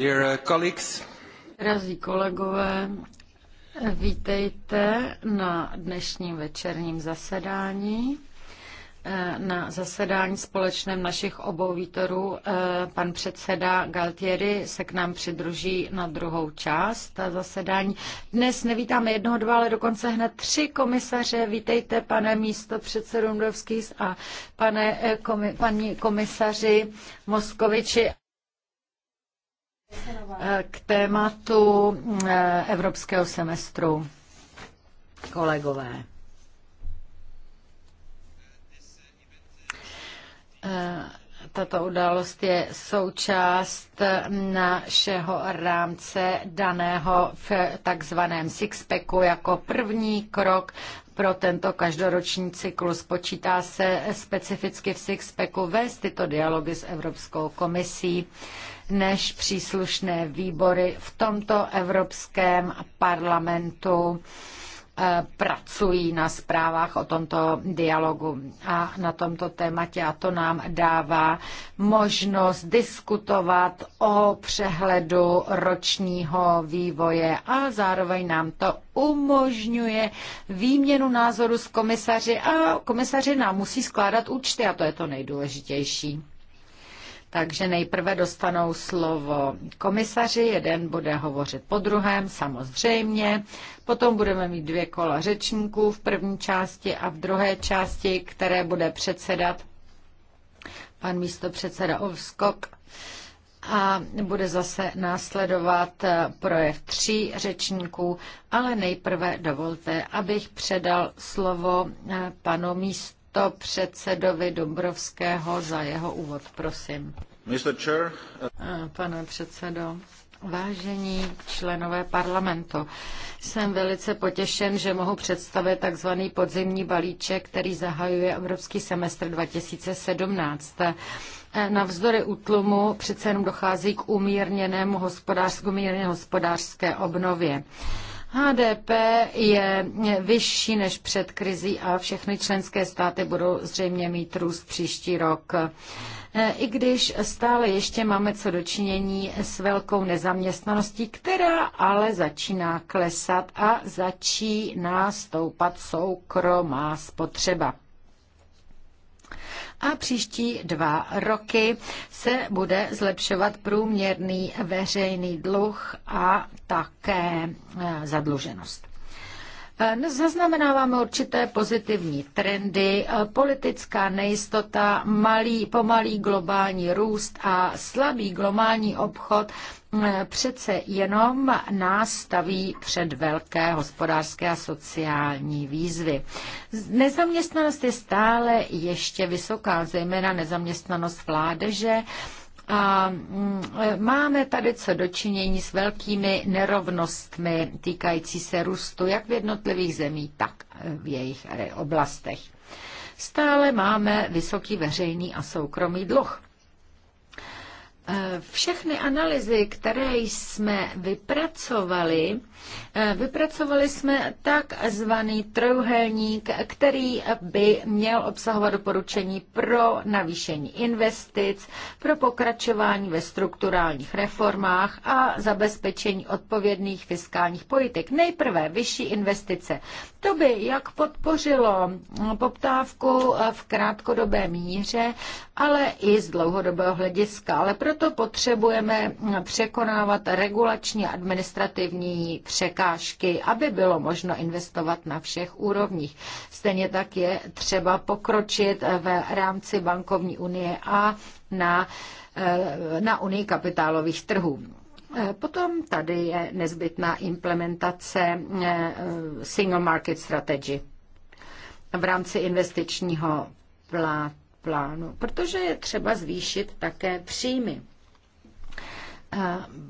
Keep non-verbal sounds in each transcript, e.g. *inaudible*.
Uh, Drazí kolegové, vítejte na dnešním večerním zasedání. Eh, na zasedání společném našich obou výtorů eh, pan předseda Galtieri se k nám přidruží na druhou část zasedání. Dnes nevítáme jednoho, dva, ale dokonce hned tři komisaře. Vítejte, pane místo předsedu Mdovský a pane, eh, komi, paní komisaři Moskoviči. K tématu eh, evropského semestru, kolegové. Eh, tato událost je součást našeho rámce daného v takzvaném sixpacku jako první krok pro tento každoroční cyklus. Počítá se specificky v Sixpacku vést tyto dialogy s Evropskou komisí, než příslušné výbory v tomto Evropském parlamentu Eh, pracují na zprávách o tomto dialogu a na tomto tématě a to nám dává možnost diskutovat o přehledu ročního vývoje a zároveň nám to umožňuje výměnu názoru s komisaři a komisaři nám musí skládat účty a to je to nejdůležitější. Takže nejprve dostanou slovo komisaři, jeden bude hovořit po druhém, samozřejmě. Potom budeme mít dvě kola řečníků v první části a v druhé části, které bude předsedat pan místo předseda Ovskok. A bude zase následovat eh, projev tří řečníků, ale nejprve dovolte, abych předal slovo eh, panu místo to předsedovi Dobrovského za jeho úvod, prosím. Mr. Chair, Pane předsedo, Vážení členové parlamentu, jsem velice potěšen, že mohu představit tzv. podzimní balíček, který zahajuje Evropský semestr 2017. E, navzdory útlumu přece jenom dochází k umírněnému hospodář, umírně hospodářské obnově. HDP je vyšší než před krizí a všechny členské státy budou zřejmě mít růst příští rok. I když stále ještě máme co dočinění s velkou nezaměstnaností, která ale začíná klesat a začíná stoupat soukromá spotřeba a příští dva roky se bude zlepšovat průměrný veřejný dluh a také eh, zadluženost. Eh, zaznamenáváme určité pozitivní trendy, eh, politická nejistota, malý, pomalý globální růst a slabý globální obchod Eh, přece jenom nás staví před velké hospodářské a sociální výzvy. Nezaměstnanost je stále ještě vysoká, zejména nezaměstnanost vládeže. A mm, máme tady co dočinění s velkými nerovnostmi týkající se růstu, jak v jednotlivých zemích, tak v jejich eh, oblastech. Stále máme vysoký veřejný a soukromý dluh. Eh, všechny analýzy, které jsme vypracovali, eh, vypracovali jsme takzvaný trojuhelník, který by měl obsahovat doporučení pro navýšení investic, pro pokračování ve strukturálních reformách a zabezpečení odpovědných fiskálních politik. Nejprve vyšší investice. To by jak podpořilo poptávku eh, v krátkodobé míře ale i z dlouhodobého hlediska. Ale proto potřebujeme překonávat regulační administrativní překážky, aby bylo možno investovat na všech úrovních. Stejně tak je třeba pokročit v rámci bankovní unie a na, eh, na unii kapitálových trhů. Eh, potom tady je nezbytná implementace eh, Single Market Strategy v rámci investičního plánu plánu, protože je třeba zvýšit také příjmy.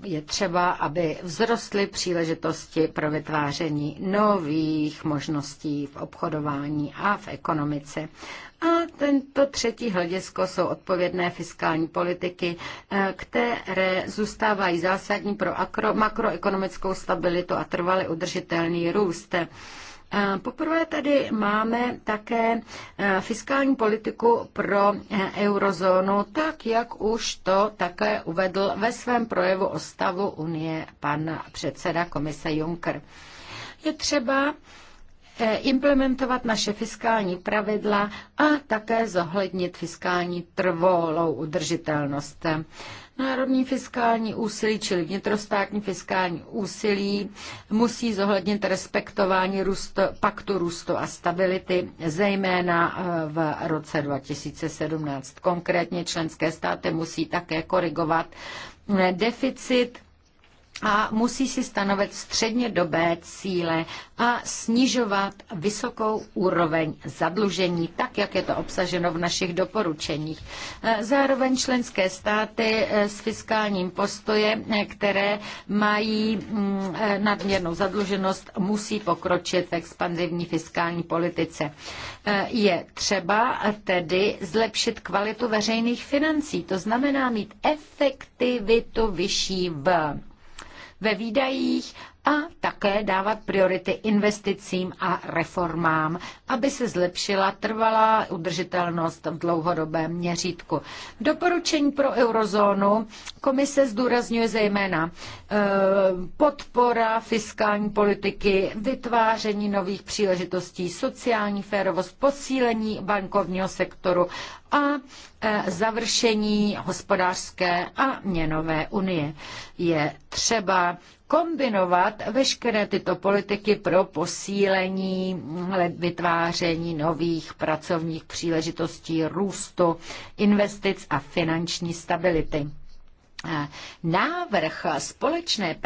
Je třeba, aby vzrostly příležitosti pro vytváření nových možností v obchodování a v ekonomice. A tento třetí hledisko jsou odpovědné fiskální politiky, e, které zůstávají zásadní pro makroekonomickou stabilitu a trvale udržitelný růst. Poprvé tady máme také e, fiskální politiku pro e, eurozónu, tak jak už to také uvedl ve svém projevu o stavu Unie pan předseda komise Juncker. Je třeba e, implementovat naše fiskální pravidla a také zohlednit fiskální trvalou udržitelnost. Národní fiskální úsilí, čili vnitrostátní fiskální úsilí, musí zohlednit respektování růst, paktu růstu a stability, zejména eh, v roce 2017. Konkrétně členské státy musí také korigovat eh, deficit a musí si stanovit středně dobé cíle a snižovat vysokou úroveň zadlužení, tak jak je to obsaženo v našich doporučeních. E, zároveň členské státy e, s fiskálním postojem, e, které mají mm, nadměrnou zadluženost, musí pokročit v expanzivní fiskální politice. Je třeba tedy zlepšit kvalitu veřejných financí, to znamená mít efektivitu vyšší v ve výdajích a také dávat priority investicím a reformám, aby se zlepšila trvalá udržitelnost v dlouhodobém měřítku. Doporučení pro eurozónu komise zdůrazňuje zejména e, podpora fiskální politiky, vytváření nových příležitostí, sociální férovost, posílení bankovního sektoru a e, završení hospodářské a měnové unie. Je třeba kombinovat veškeré tyto politiky pro posílení vytváření nových pracovních příležitostí, růstu, investic a finanční stability návrh společné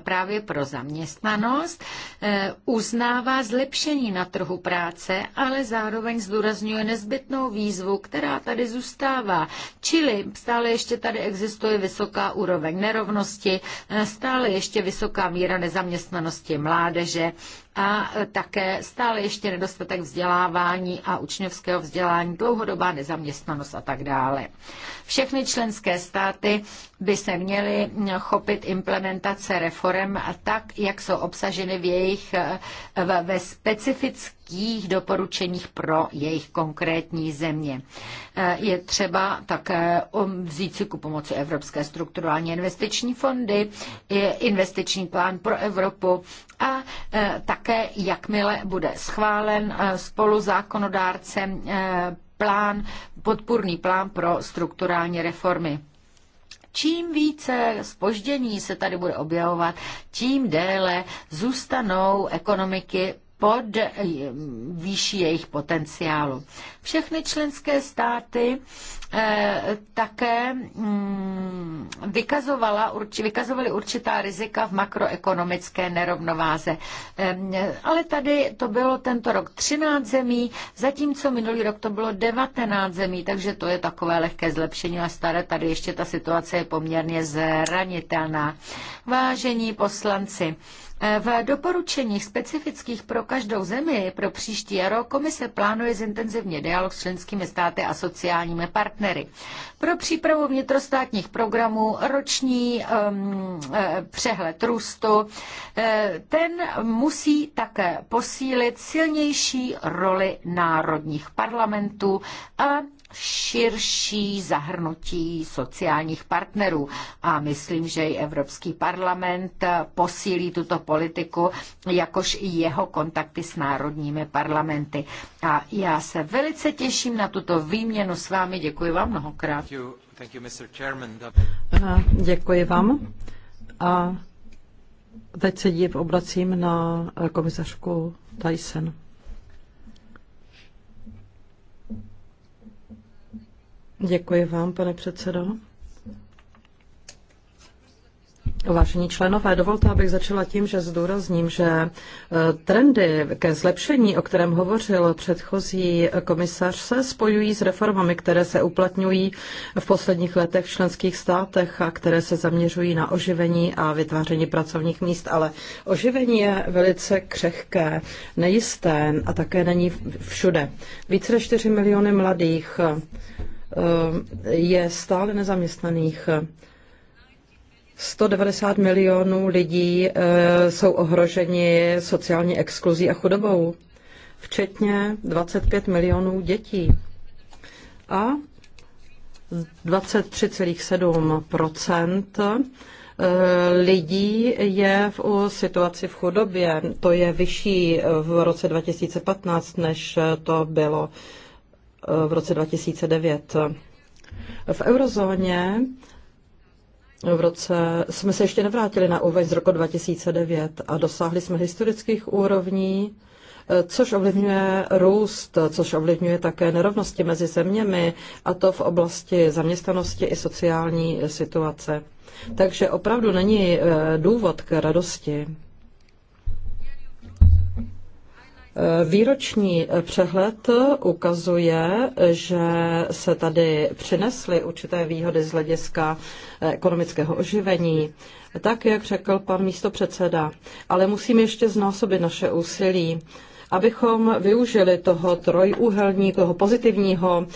právě pro zaměstnanost eh, uznává zlepšení na trhu práce, ale zároveň zdůrazňuje nezbytnou výzvu, která tady zůstává. Čili stále ještě tady existuje vysoká úroveň nerovnosti, eh, stále ještě vysoká míra nezaměstnanosti mládeže a e, také stále ještě nedostatek vzdělávání a učňovského vzdělání, dlouhodobá nezaměstnanost a tak dále. Všechny členské státy by se měly chopit implementace reform tak, jak jsou obsaženy v jejich e, ve specifických politických doporučeních pro jejich konkrétní země. E, je třeba také um, vzít si ku pomoci Evropské strukturální investiční fondy, je investiční plán pro Evropu a e, také, jakmile bude schválen e, spolu zákonodárcem plán, podpůrný plán pro strukturální reformy čím více spoždění se tady bude objevovat, tím déle zůstanou ekonomiky pod výši jejich potenciálu. Všechny členské státy Eh, také mm, vykazovala, vykazovaly určitá rizika v makroekonomické nerovnováze. Ale tady to bylo tento rok 13 zemí, zatímco minulý rok to bylo 19 zemí, takže to je takové lehké zlepšení a staré. Tady ještě ta situace je poměrně zranitelná. Vážení poslanci, eh, v doporučeních specifických pro každou zemi pro příští jaro komise plánuje zintenzivně dialog s členskými státy a sociálními partnery partnery. Pro přípravu vnitrostátních programů roční um, eh, přehled růstu, eh, ten musí také posílit silnější roli národních parlamentů a širší zahrnutí sociálních partnerů. A myslím, že i Evropský parlament posílí tuto politiku, jakož i jeho kontakty s národními parlamenty. A já se velice těším na tuto výměnu s vámi. Děkuji vám mnohokrát. Děkuji vám. A teď se dív obracím na komisařku Tyson. Děkuji vám, pane předsedo. Vážení členové, dovolte, abych začala tím, že zdůrazním, že eh, trendy ke zlepšení, o kterém hovořil předchozí komisař, se spojují s reformami, které se uplatňují v posledních letech v členských státech a které se zaměřují na oživení a vytváření pracovních míst. Ale oživení je velice křehké, nejisté a také není všude. Více než 4 miliony mladých Eh, je stále nezaměstnaných. 190 milionů lidí eh, jsou ohroženi sociální exkluzí a chudobou, včetně 25 milionů dětí. A 23,7 eh, lidí je v situaci v chudobě. To je vyšší v roce 2015, než to bylo v roce 2009. V eurozóně v roce jsme se ještě nevrátili na úroveň z roku 2009 a dosáhli jsme historických úrovní, což ovlivňuje růst, což ovlivňuje také nerovnosti mezi zeměmi, a to v oblasti zaměstnanosti i sociální situace. Takže opravdu není eh, důvod k radosti. Výroční přehled ukazuje, že se tady přinesly určité výhody z hlediska ekonomického oživení, tak jak řekl pan místopředseda. Ale musím ještě znásobit naše úsilí abychom využili toho trojúhelníku, toho pozitivního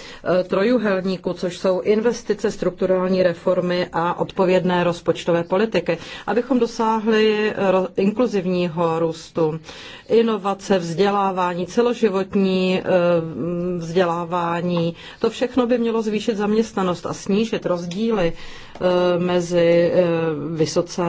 eh, trojuhelníku, což jsou investice, strukturální reformy a odpovědné rozpočtové politiky, abychom dosáhli eh, inkluzivního růstu, inovace, vzdělávání, celoživotní eh, vzdělávání. To všechno by mělo zvýšit zaměstnanost a snížit rozdíly Eh, mezi eh, vysoce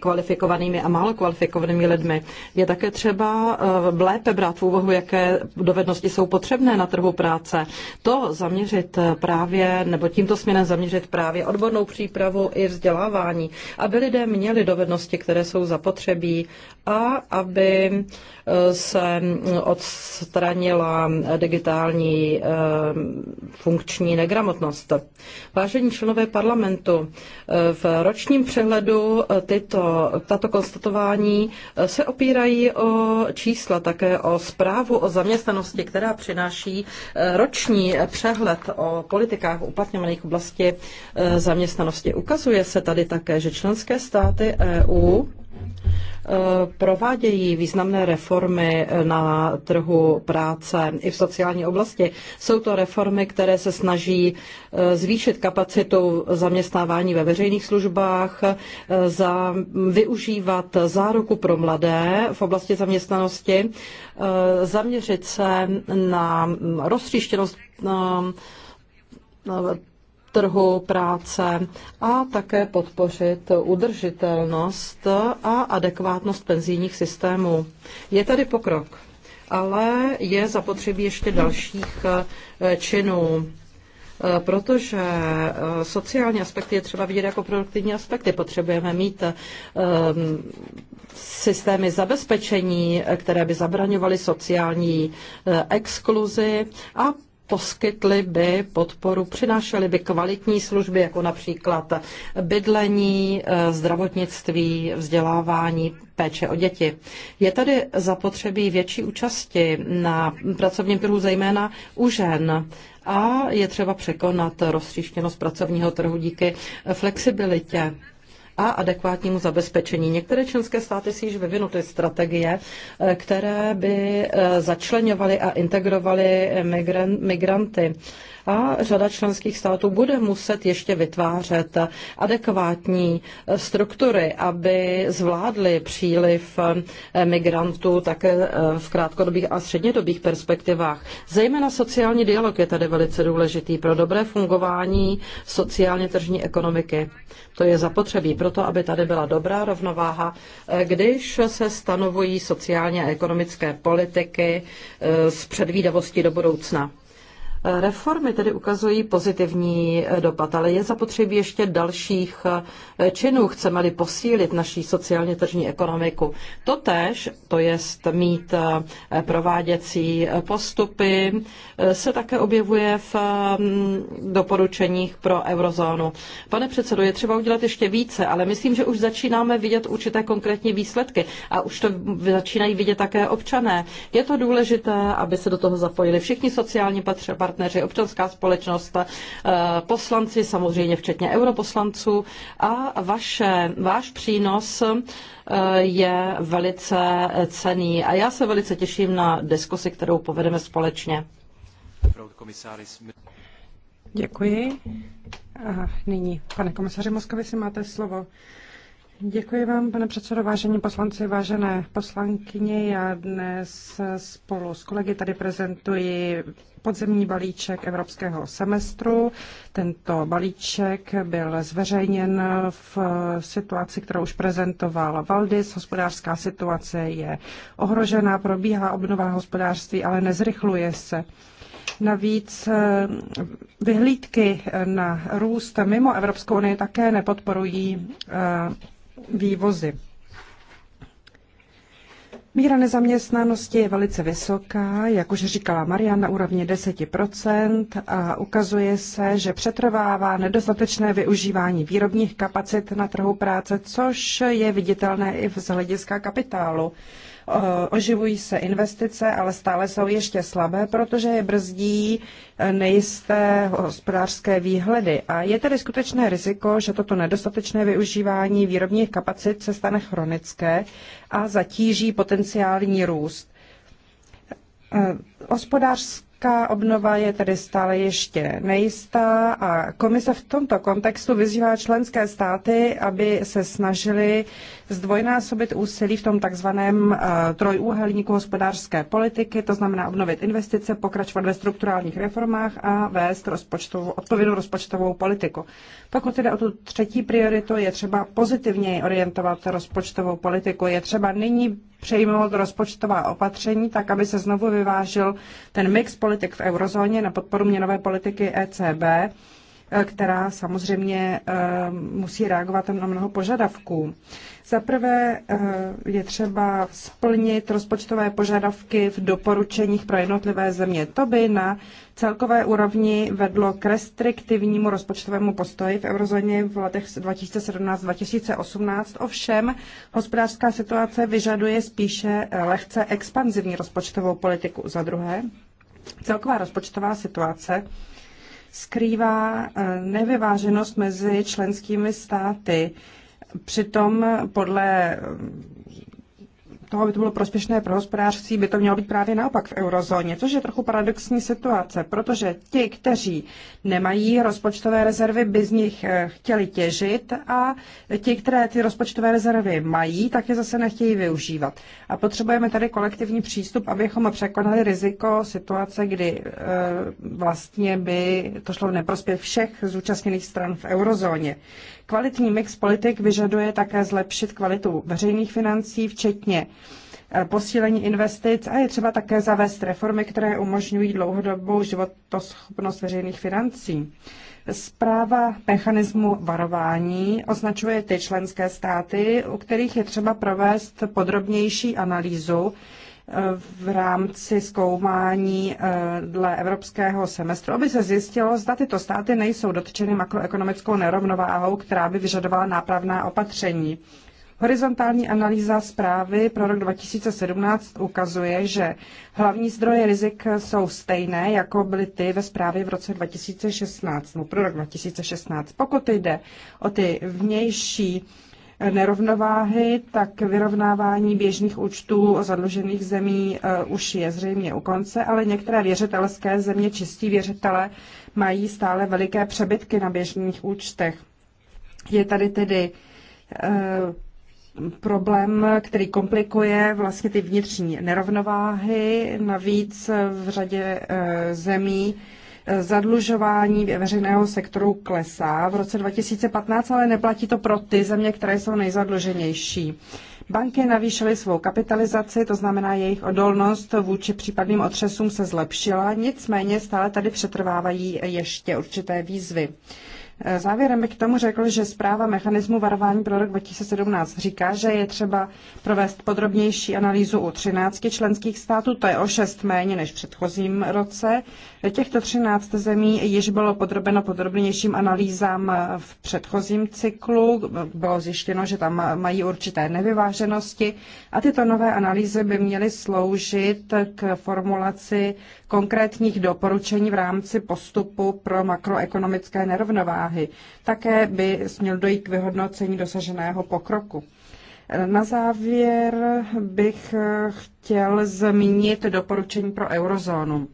kvalifikovanými a málo kvalifikovanými lidmi. Je také třeba eh, lépe brát v úvahu, jaké dovednosti jsou potřebné na trhu práce. To zaměřit právě, nebo tímto směrem zaměřit právě odbornou přípravu i vzdělávání, aby lidé měli dovednosti, které jsou zapotřebí a aby eh, se odstranila digitální eh, funkční negramotnost. Vážení členové parlamentu, eh, v ročním přehledu tyto, tato konstatování se opírají o čísla, také o zprávu o zaměstnanosti, která přináší roční přehled o politikách uplatňovaných v oblasti zaměstnanosti. Ukazuje se tady také, že členské státy EU Eh, provádějí významné reformy eh, na trhu práce i v sociální oblasti. Jsou to reformy, které se snaží eh, zvýšit kapacitu zaměstnávání ve veřejných službách, za, využívat záruku pro mladé v oblasti zaměstnanosti, zaměřit se na mm, roztříštěnost trhu práce a také podpořit udržitelnost a adekvátnost penzijních systémů. Je tady pokrok, ale je zapotřebí ještě dalších eh, činů eh, protože eh, sociální aspekty je třeba vidět jako produktivní aspekty. Potřebujeme mít systémy zabezpečení, které by zabraňovaly sociální exkluzi a poskytli by podporu, přinášeli by kvalitní služby, jako například bydlení, eh, zdravotnictví, vzdělávání, péče o děti. Je tady zapotřebí větší účasti na pracovním trhu, zejména u žen. A je třeba překonat roztříštěnost pracovního trhu díky flexibilitě a adekvátnímu zabezpečení. Některé členské státy si již vyvinuty strategie, eh, které by eh, začlenovaly a integrovaly migranty a řada členských států bude muset ještě vytvářet adekvátní struktury, aby zvládly příliv migrantů také v krátkodobých a střednědobých perspektivách. Zejména sociální dialog je tady velice důležitý pro dobré fungování sociálně tržní ekonomiky. To je zapotřebí proto, aby tady byla dobrá rovnováha, když se stanovují sociálně a ekonomické politiky eh, s předvídavostí do budoucna. Reformy tedy ukazují pozitivní dopad, ale je zapotřebí ještě dalších eh, činů. Chceme-li posílit naší sociálně tržní ekonomiku. Totež, to jest mít eh, prováděcí eh, postupy, se také objevuje v mm, doporučeních pro eurozónu. Pane předsedo, je třeba udělat ještě více, ale myslím, že už začínáme vidět určité konkrétní výsledky a už to začínají vidět také občané. Je to důležité, aby se do toho zapojili všichni sociální patřeba partneři, občanská společnost, eh, poslanci, samozřejmě včetně europoslanců a vaše, váš přínos eh, je velice cený a já se velice těším na diskusi, kterou povedeme společně. Děkuji. A nyní, pane komisaři Moskovi, si máte slovo. Děkuji vám, pane předsedo, vážení poslanci, vážené poslankyně. Já dnes spolu s kolegy tady prezentuji podzemní balíček evropského semestru. Tento balíček byl zveřejněn v situaci, kterou už prezentoval Valdis. Hospodářská situace je ohrožená, probíhá obnova hospodářství, ale nezrychluje se. Navíc eh, vyhlídky na růst mimo Evropskou unii také nepodporují eh, vývozy. Míra nezaměstnanosti je velice vysoká, jak už říkala Marian, na úrovni 10% a ukazuje se, že přetrvává nedostatečné využívání výrobních kapacit na trhu práce, což je viditelné i z hlediska kapitálu. Eh, oživují se investice, ale stále jsou ještě slabé, protože je brzdí eh, nejisté hospodářské výhledy. A je tedy skutečné riziko, že toto nedostatečné využívání výrobních kapacit se stane chronické a zatíží potenciální růst. Eh, hospodářská obnova je tedy stále ještě nejistá a komise v tomto kontextu vyzývá členské státy, aby se snažili zdvojnásobit úsilí v tom takzvaném eh, trojúhelníku hospodářské politiky, to znamená obnovit investice, pokračovat ve strukturálních reformách a vést rozpočtovou, odpovědnou rozpočtovou politiku. Pokud jde o tu třetí prioritu, je třeba pozitivněji orientovat rozpočtovou politiku. Je třeba nyní přejmout rozpočtová opatření, tak aby se znovu vyvážil ten mix politik v eurozóně na podporu měnové politiky ECB eh, která samozřejmě eh, musí reagovat na mnoho požadavků. Za prvé eh, je třeba splnit rozpočtové požadavky v doporučeních pro jednotlivé země. To by na celkové úrovni vedlo k restriktivnímu rozpočtovému postoji v eurozóně v letech 2017-2018. Ovšem, hospodářská situace vyžaduje spíše eh, lehce expanzivní rozpočtovou politiku. Za druhé, celková rozpočtová situace skrývá eh, nevyváženost mezi členskými státy Přitom podle toho, aby to bylo prospěšné pro hospodářství, by to mělo být právě naopak v eurozóně, což je trochu paradoxní situace, protože ti, kteří nemají rozpočtové rezervy, by z nich eh, chtěli těžit a ti, které ty rozpočtové rezervy mají, tak je zase nechtějí využívat. A potřebujeme tady kolektivní přístup, abychom překonali riziko situace, kdy eh, vlastně by to šlo v neprospěch všech zúčastněných stran v eurozóně. Kvalitní mix politik vyžaduje také zlepšit kvalitu veřejných financí, včetně Eh, posílení investic a je třeba také zavést reformy, které umožňují dlouhodobou životoschopnost veřejných financí. Zpráva mechanismu varování označuje ty členské státy, u kterých je třeba provést podrobnější analýzu eh, v rámci zkoumání eh, dle evropského semestru, aby se zjistilo, zda tyto státy nejsou dotčeny makroekonomickou nerovnováhou, která by vyžadovala nápravná opatření. Horizontální analýza zprávy pro rok 2017 ukazuje, že hlavní zdroje rizik jsou stejné, jako byly ty ve zprávě v roce 2016, nebo pro rok 2016. Pokud jde o ty vnější nerovnováhy, tak vyrovnávání běžných účtů zadlužených zemí eh, už je zřejmě u konce, ale některé věřitelské země, čistí věřitele, mají stále veliké přebytky na běžných účtech. Je tady tedy eh, problém, který komplikuje vlastně ty vnitřní nerovnováhy. Navíc v řadě e, zemí e, zadlužování veřejného sektoru klesá v roce 2015, ale neplatí to pro ty země, které jsou nejzadluženější. Banky navýšily svou kapitalizaci, to znamená jejich odolnost vůči případným otřesům se zlepšila, nicméně stále tady přetrvávají ještě určité výzvy. Eh, závěrem bych k tomu řekl, že zpráva mechanismu varování pro rok 2017 říká, že je třeba provést podrobnější analýzu u 13 členských států, to je o 6 méně než v předchozím roce. Těchto 13 zemí již bylo podrobeno podrobnějším analýzám eh, v předchozím cyklu. Bylo zjištěno, že tam mají určité nevyváženosti a tyto nové analýzy by měly sloužit k formulaci konkrétních doporučení v rámci postupu pro makroekonomické nerovnováhy. Také by směl dojít k vyhodnocení dosaženého pokroku. Na závěr bych chtěl zmínit doporučení pro eurozónu.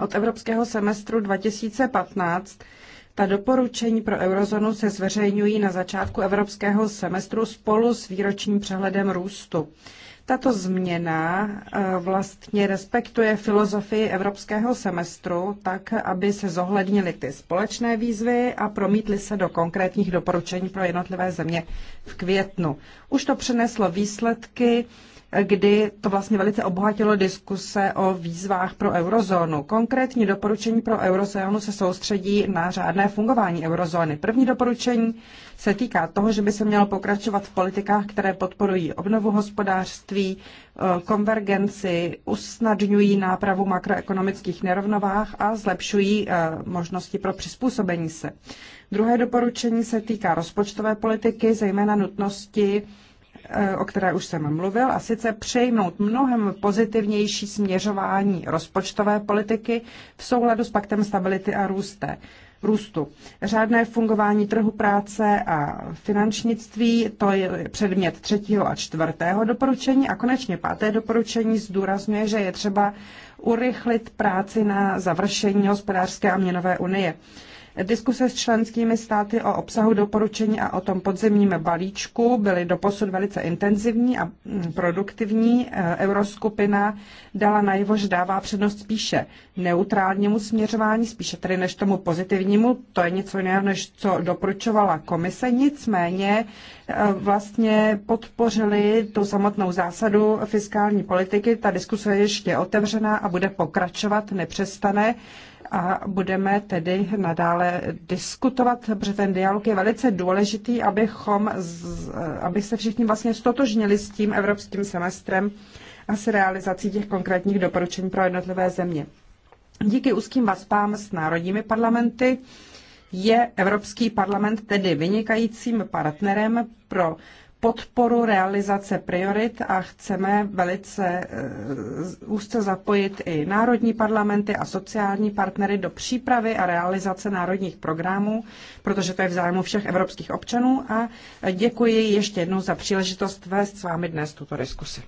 Od evropského semestru 2015 ta doporučení pro eurozónu se zveřejňují na začátku evropského semestru spolu s výročním přehledem růstu. Tato změna eh, vlastně respektuje filozofii evropského semestru tak, aby se zohlednily ty společné výzvy a promítly se do konkrétních doporučení pro jednotlivé země v květnu. Už to přineslo výsledky, kdy to vlastně velice obohatilo diskuse o výzvách pro eurozónu. Konkrétní doporučení pro eurozónu se soustředí na řádné fungování eurozóny. První doporučení se týká toho, že by se mělo pokračovat v politikách, které podporují obnovu hospodářství, e, konvergenci, usnadňují nápravu makroekonomických nerovnovách a zlepšují e, možnosti pro přizpůsobení se. Druhé doporučení se týká rozpočtové politiky, zejména nutnosti Eh, o které už jsem mluvil, a sice přejmout mnohem pozitivnější směřování rozpočtové politiky v souladu s paktem stability a růste. Růstu. Řádné fungování trhu práce a finančnictví, to je předmět třetího a čtvrtého doporučení a konečně páté doporučení zdůrazňuje, že je třeba urychlit práci na završení hospodářské a měnové unie. Diskuse s členskými státy o obsahu doporučení a o tom podzemním balíčku byly doposud velice intenzivní a mm, produktivní. E, Euroskupina dala najevo, že dává přednost spíše neutrálnímu směřování, spíše tedy než tomu pozitivnímu. To je něco jiného, než co doporučovala komise. Nicméně e, vlastně podpořili tu samotnou zásadu fiskální politiky. Ta diskuse je ještě otevřená a bude pokračovat, nepřestane a budeme tedy nadále diskutovat, protože ten dialog je velice důležitý, abychom, aby se všichni vlastně stotožnili s tím evropským semestrem a s realizací těch konkrétních doporučení pro jednotlivé země. Díky úzkým vazbám s národními parlamenty je Evropský parlament tedy vynikajícím partnerem pro podporu realizace priorit a chceme velice eh, úzce zapojit i národní parlamenty a sociální partnery do přípravy a realizace národních programů, protože to je v zájmu všech evropských občanů a děkuji ještě jednou za příležitost vést s vámi dnes tuto diskusi.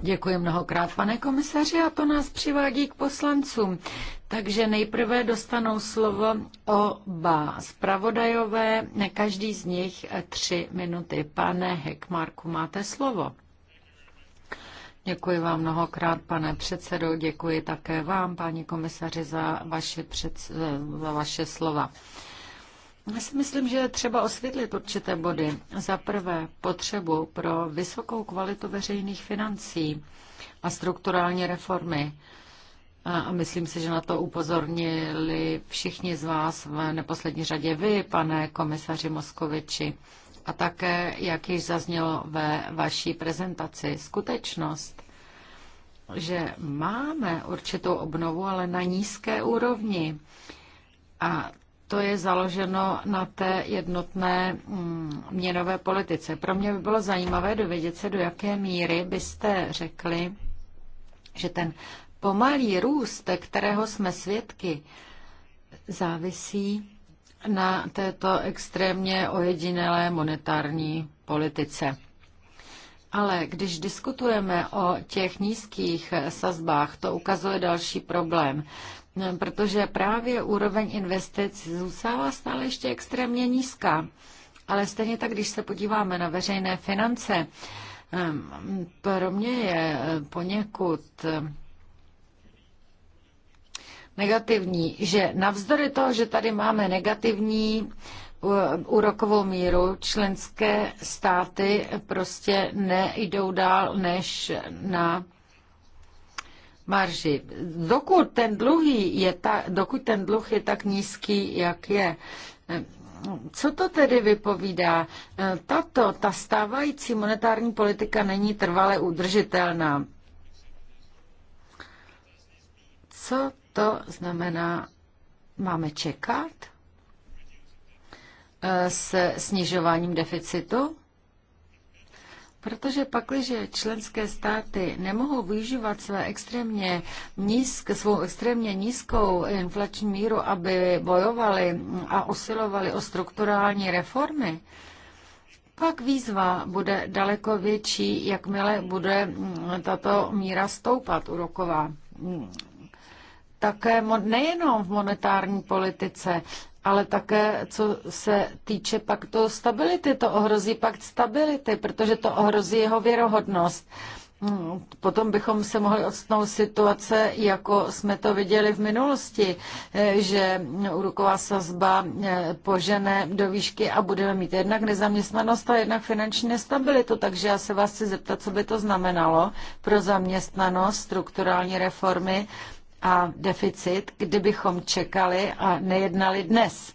Děkuji mnohokrát, pane komisaři, a to nás přivádí k poslancům. Takže nejprve dostanou slovo oba zpravodajové, každý z nich tři minuty. Pane Hekmarku, máte slovo. Děkuji vám mnohokrát, pane předsedo, děkuji také vám, paní komisaři, za vaše, před, za vaše slova. Já si myslím, že je třeba osvětlit určité body. Za prvé potřebu pro vysokou kvalitu veřejných financí a strukturální reformy. A myslím si, že na to upozornili všichni z vás, v neposlední řadě vy, pane komisaři Moskoviči, a také, jak již zaznělo ve vaší prezentaci, skutečnost, že máme určitou obnovu, ale na nízké úrovni. A to je založeno na té jednotné mm, měnové politice. Pro mě by bylo zajímavé dovědět se, do jaké míry byste řekli, že ten pomalý růst, kterého jsme svědky, závisí na této extrémně ojedinělé monetární politice. Ale když diskutujeme o těch nízkých sazbách, to ukazuje další problém protože právě úroveň investic zůstává stále ještě extrémně nízká. Ale stejně tak, když se podíváme na veřejné finance, pro mě je eh, poněkud eh, negativní, že navzdory toho, že tady máme negativní eh, úrokovou míru, členské státy prostě nejdou dál než na marži. Dokud ten, dluhý je ta, dokud ten dluh je tak nízký, jak je, co to tedy vypovídá? Tato, ta stávající monetární politika není trvale udržitelná. Co to znamená? Máme čekat eh, s snižováním deficitu? Protože pakliže členské státy nemohou využívat své extrémně nízk, svou extrémně nízkou inflační míru, aby bojovali a osilovali o strukturální reformy, pak výzva bude daleko větší, jakmile bude tato míra stoupat úroková. Také nejenom v monetární politice, ale také co se týče pak toho stability. To ohrozí pakt stability, protože to ohrozí jeho věrohodnost. Hmm, potom bychom se mohli odstnout situace, jako jsme to viděli v minulosti, eh, že úroková sazba eh, požene do výšky a budeme mít jednak nezaměstnanost a jednak finanční nestabilitu. Takže já se vás chci zeptat, co by to znamenalo pro zaměstnanost, strukturální reformy a deficit, kdybychom čekali a nejednali dnes.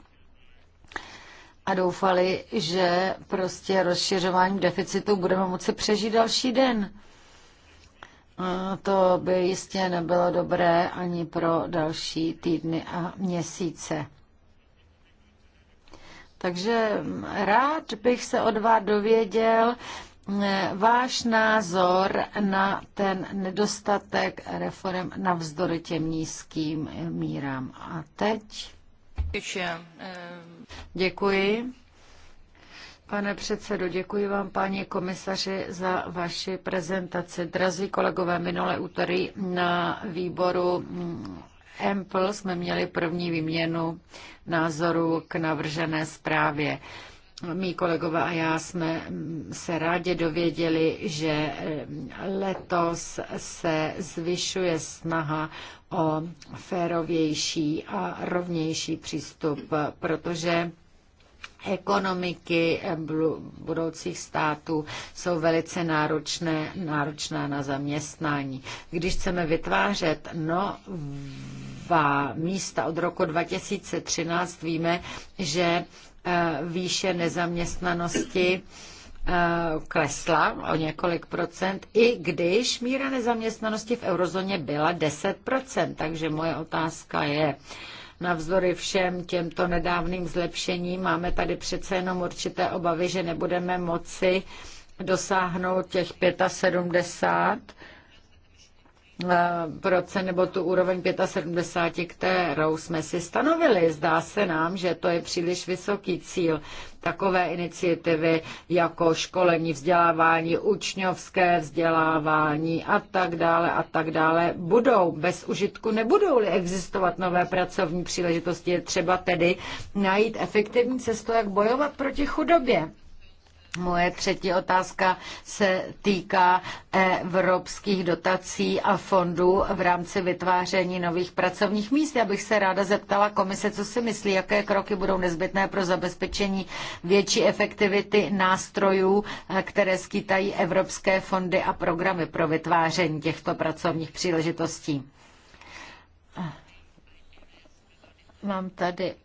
A doufali, že prostě rozšiřováním deficitu budeme moci přežít další den. To by jistě nebylo dobré ani pro další týdny a měsíce. Takže rád bych se od vás dověděl, váš názor na ten nedostatek reform navzdory těm nízkým mírám. A teď? Děkuji. Pane předsedo, děkuji vám, paní komisaři, za vaši prezentaci. Drazí kolegové, minulé úterý na výboru mm, EMPL jsme měli první výměnu názoru k navržené zprávě. Mí kolegové a já jsme mm, se rádi dověděli, že mm, letos se zvyšuje snaha o férovější a rovnější přístup, protože ekonomiky eh, budoucích států jsou velice náročné, náročná na zaměstnání. Když chceme vytvářet nová místa od roku 2013, víme, že Eh, výše nezaměstnanosti eh, klesla o několik procent, i když míra nezaměstnanosti v eurozóně byla 10 Takže moje otázka je, navzdory všem těmto nedávným zlepšením máme tady přece jenom určité obavy, že nebudeme moci dosáhnout těch 75 proce nebo tu úroveň 75, kterou jsme si stanovili. Zdá se nám, že to je příliš vysoký cíl. Takové iniciativy jako školení, vzdělávání, učňovské vzdělávání a tak dále a tak dále budou bez užitku, nebudou-li existovat nové pracovní příležitosti. Je třeba tedy najít efektivní cestu, jak bojovat proti chudobě. Moje třetí otázka se týká evropských dotací a fondů v rámci vytváření nových pracovních míst. Já bych se ráda zeptala komise, co si myslí, jaké kroky budou nezbytné pro zabezpečení větší efektivity nástrojů, které skýtají evropské fondy a programy pro vytváření těchto pracovních příležitostí. Mám tady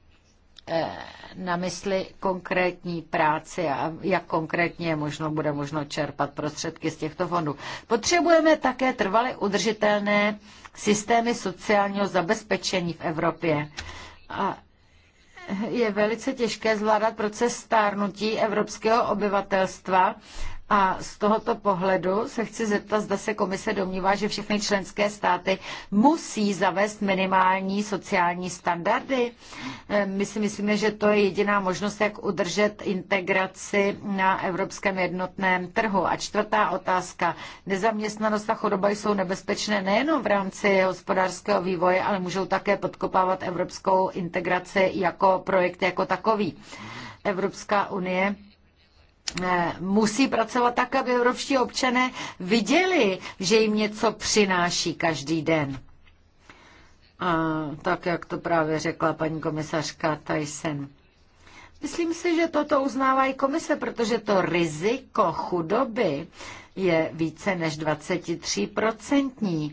Eh, na mysli konkrétní práci a jak konkrétně možno bude možno čerpat prostředky z těchto fondů. Potřebujeme také trvale udržitelné systémy sociálního zabezpečení v Evropě. A je velice těžké zvládat proces stárnutí evropského obyvatelstva a z tohoto pohledu se chci zeptat, zda se komise domnívá, že všechny členské státy musí zavést minimální sociální standardy. Eh, my si myslíme, že to je jediná možnost, jak udržet integraci na evropském jednotném trhu. A čtvrtá otázka. Nezaměstnanost a chudoba jsou nebezpečné nejenom v rámci hospodářského vývoje, ale můžou také podkopávat evropskou integraci jako projekt jako takový. Evropská unie Eh, musí pracovat tak, aby evropští občané viděli, že jim něco přináší každý den. A tak, jak to právě řekla paní komisařka Tyson. Myslím si, že toto uznává i komise, protože to riziko chudoby je více než 23%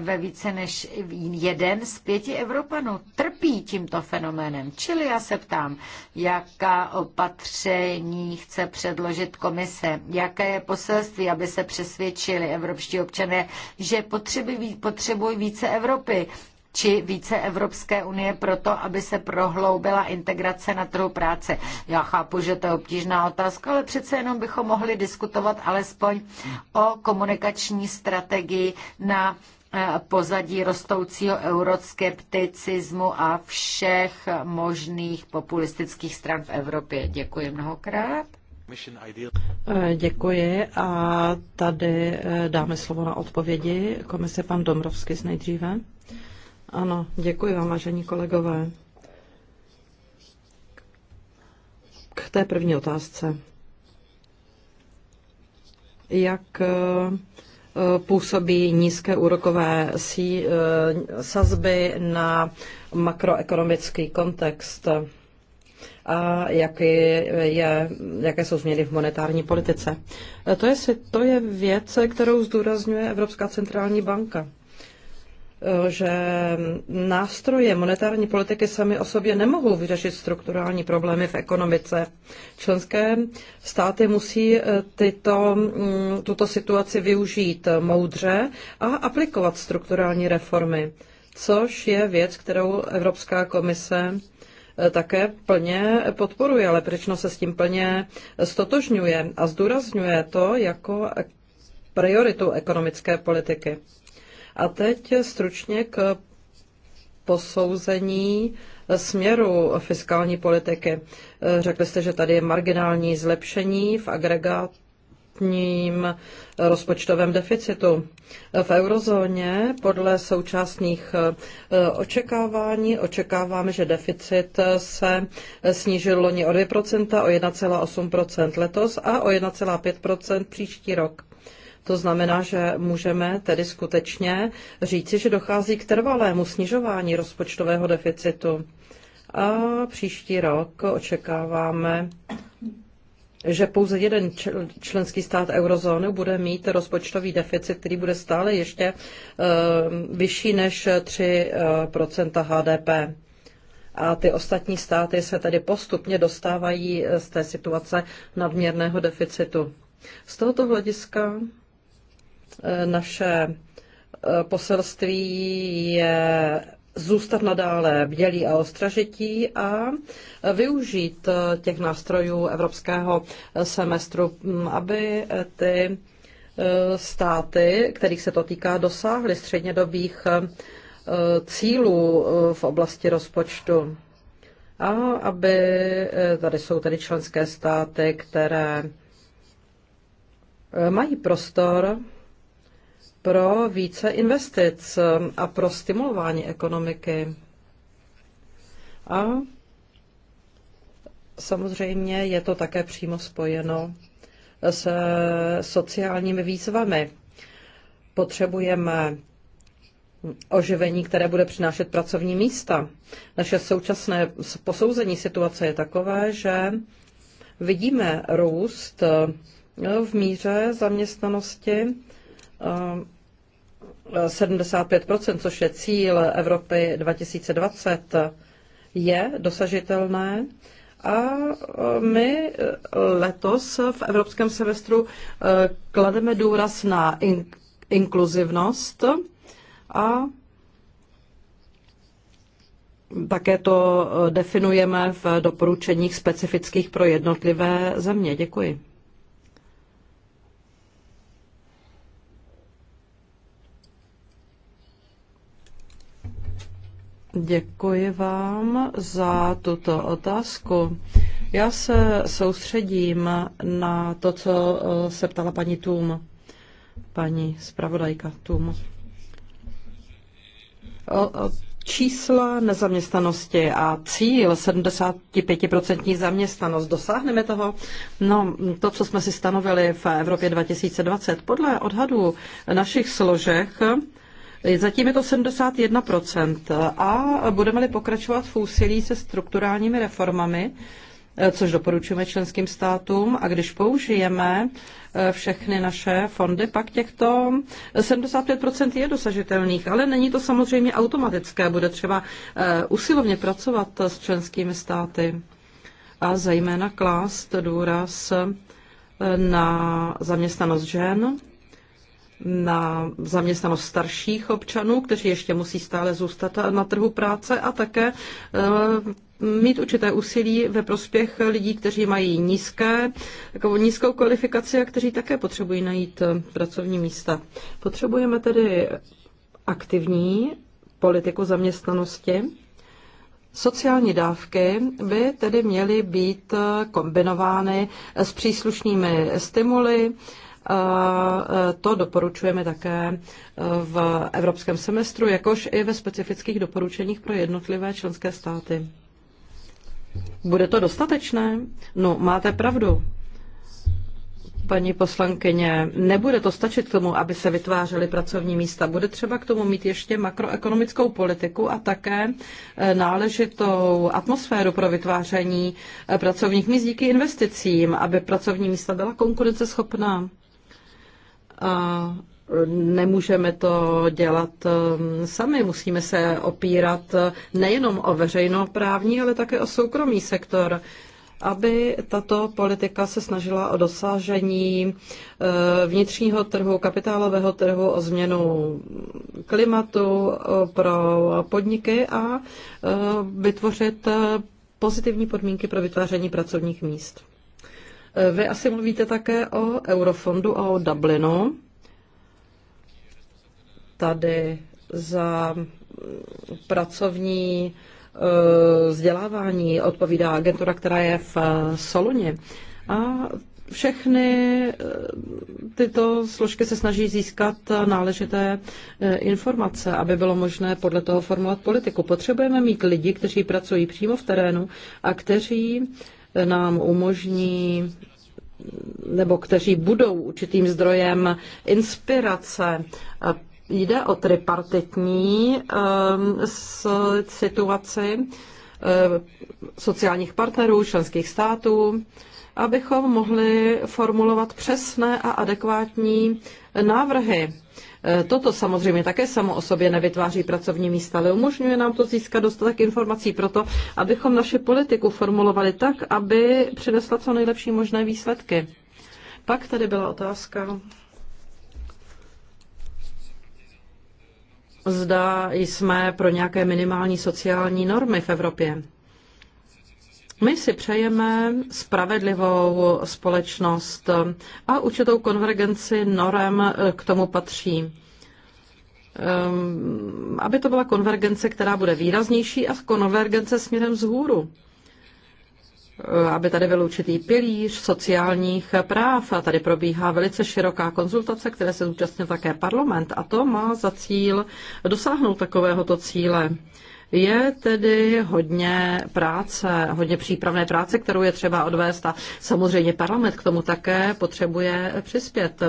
ve více než jeden z pěti Evropanů trpí tímto fenoménem. Čili já se ptám, jaká opatření chce předložit komise, jaké je poselství, aby se přesvědčili evropští občané, že potřebují, více Evropy či více Evropské unie proto, aby se prohloubila integrace na trhu práce. Já chápu, že to je obtížná otázka, ale přece jenom bychom mohli diskutovat alespoň o komunikační strategii na Eh, pozadí rostoucího euroskepticismu a všech možných populistických stran v Evropě. Děkuji mnohokrát. Eh, děkuji a tady eh, dáme slovo na odpovědi. Komise pan Domrovský z nejdříve. Ano, děkuji vám, vážení kolegové. K té první otázce. Jak působí nízké úrokové eh, sazby na makroekonomický kontext a jaký je, jaké jsou změny v monetární politice. To je, to je věc, kterou zdůrazňuje Evropská centrální banka že nástroje monetární politiky sami o sobě nemohou vyřešit strukturální problémy v ekonomice. Členské státy musí eh, tyto, mm, tuto situaci využít moudře a aplikovat strukturální reformy, což je věc, kterou Evropská komise eh, také plně podporuje, ale Prečno se s tím plně stotožňuje a zdůrazňuje to jako prioritu ekonomické politiky. A teď stručně k posouzení směru fiskální politiky. Řekli jste, že tady je marginální zlepšení v agregátním rozpočtovém deficitu. V eurozóně podle současných eh, očekávání očekáváme, že deficit se snížil loni o 2%, o 1,8% letos a o 1,5% příští rok. To znamená, že můžeme tedy skutečně říci, že dochází k trvalému snižování rozpočtového deficitu. A příští rok očekáváme, že pouze jeden členský stát eurozóny bude mít rozpočtový deficit, který bude stále ještě eh, vyšší než 3 eh, HDP. A ty ostatní státy se tedy postupně dostávají z té situace nadměrného deficitu. Z tohoto hlediska naše eh, poselství je zůstat nadále bdělí a ostražití a eh, využít eh, těch nástrojů evropského semestru, mm, aby ty státy, kterých se to týká, dosáhly střednědobých cílů v oblasti rozpočtu. A aby tady jsou tedy členské státy, které mají prostor pro více investic um, a pro stimulování ekonomiky. A samozřejmě je to také přímo spojeno s sociálními výzvami. Potřebujeme oživení, které bude přinášet pracovní místa. Naše současné posouzení situace je takové, že vidíme růst v míře zaměstnanosti 75%, eh, eh, což je cíl Evropy 2020, je dosažitelné. A eh, my letos v evropském semestru klademe důraz na inkluzivnost a také to definujeme v doporučeních specifických pro jednotlivé země. Děkuji. Děkuji vám za tuto otázku. Já se soustředím na to, co eh, se ptala paní Tům, paní zpravodajka Tům. O, o, čísla nezaměstnanosti a cíl 75% zaměstnanost. Dosáhneme toho? No, to, co jsme si stanovili v Evropě 2020, podle odhadu našich složek, Zatím je to 71% a budeme-li pokračovat v úsilí se strukturálními reformami, což doporučujeme členským státům. A když použijeme eh, všechny naše fondy, pak těchto 75% je dosažitelných, ale není to samozřejmě automatické. Bude třeba eh, usilovně pracovat s členskými státy a zejména klást důraz eh, na zaměstnanost žen na zaměstnanost starších občanů, kteří ještě musí stále zůstat na trhu práce a také eh, mít určité úsilí ve prospěch lidí, kteří mají nízké, takovou nízkou kvalifikaci a kteří také potřebují najít eh, pracovní místa. Potřebujeme tedy aktivní politiku zaměstnanosti. Sociální dávky by tedy měly být eh, kombinovány s příslušnými stimuly, a e, to doporučujeme také e, v evropském semestru, jakož i ve specifických doporučeních pro jednotlivé členské státy. Bude to dostatečné? No, máte pravdu. Paní poslankyně, nebude to stačit k tomu, aby se vytvářely pracovní místa. Bude třeba k tomu mít ještě makroekonomickou politiku a také e, náležitou atmosféru pro vytváření pracovních míst díky investicím, aby pracovní místa byla konkurenceschopná a nemůžeme to dělat um, sami. Musíme se opírat nejenom o veřejnoprávní, ale také o soukromý sektor, aby tato politika se snažila o dosažení uh, vnitřního trhu, kapitálového trhu, o změnu klimatu pro podniky a uh, vytvořit uh, pozitivní podmínky pro vytváření pracovních míst. Vy asi mluvíte také o Eurofondu a o Dublinu. Tady za mm, pracovní eh, vzdělávání odpovídá agentura, která je v eh, Soluně, A všechny eh, tyto složky se snaží získat náležité informace, aby bylo možné podle toho formulovat politiku. Potřebujeme mít lidi, kteří pracují přímo v terénu a kteří nám umožní nebo kteří budou určitým zdrojem inspirace. Jde o tripartitní ehm, situaci ehm, sociálních partnerů, členských států, abychom mohli formulovat přesné a adekvátní návrhy E, toto samozřejmě také samo o sobě nevytváří pracovní místa, ale umožňuje nám to získat dostatek informací pro to, abychom naši politiku formulovali tak, aby přinesla co nejlepší možné výsledky. Pak tady byla otázka. Zda jsme pro nějaké minimální sociální normy v Evropě. My si přejeme spravedlivou společnost a určitou konvergenci norem eh, k tomu patří. Ehm, aby to byla konvergence, která bude výraznější a konvergence směrem hůru, eh, aby tady byl určitý pilíř sociálních práv. A tady probíhá velice široká konzultace, které se zúčastnil také parlament. A to má za cíl dosáhnout takovéhoto cíle. Je tedy hodně práce, hodně přípravné práce, kterou je třeba odvést a samozřejmě parlament k tomu také potřebuje přispět.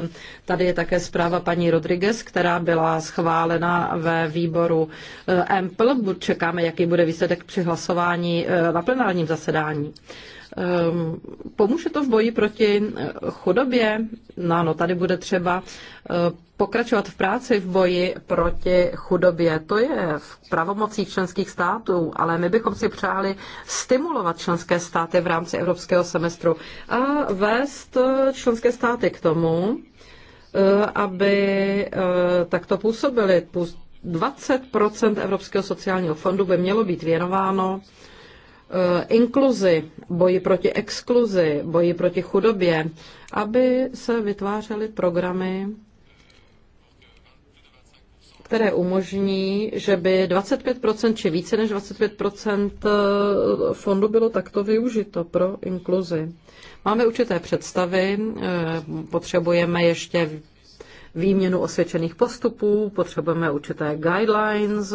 Tady je také zpráva paní Rodriguez, která byla schválena ve výboru EMPL. Eh, Čekáme, jaký bude výsledek při hlasování eh, na plenárním zasedání. Ehm, pomůže to v boji proti eh, chudobě? No ano, tady bude třeba eh, pokračovat v práci v boji proti chudobě. To je v pravomocích členských států, ale my bychom si přáli stimulovat členské státy v rámci evropského semestru a vést eh, členské státy k tomu, aby takto působili. 20 Evropského sociálního fondu by mělo být věnováno Eh, inkluzi, boji proti exkluzi, boji proti chudobě, aby se vytvářely programy, které umožní, že by 25% či více než 25% eh, fondu bylo takto využito pro inkluzi. Máme určité představy, eh, potřebujeme ještě výměnu osvědčených postupů, potřebujeme určité guidelines,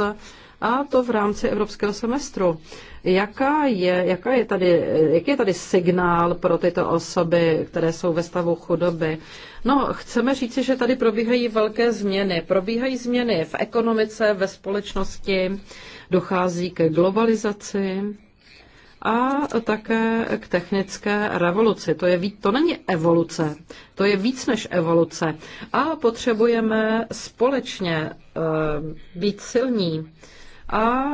a to v rámci evropského semestru. Jaká je, jaká je tady, jaký je tady signál pro tyto osoby, které jsou ve stavu chudoby? No, chceme říci, že tady probíhají velké změny. Probíhají změny v ekonomice, ve společnosti, dochází ke globalizaci a také k technické revoluci. To, je, to není evoluce, to je víc než evoluce. A potřebujeme společně uh, být silní a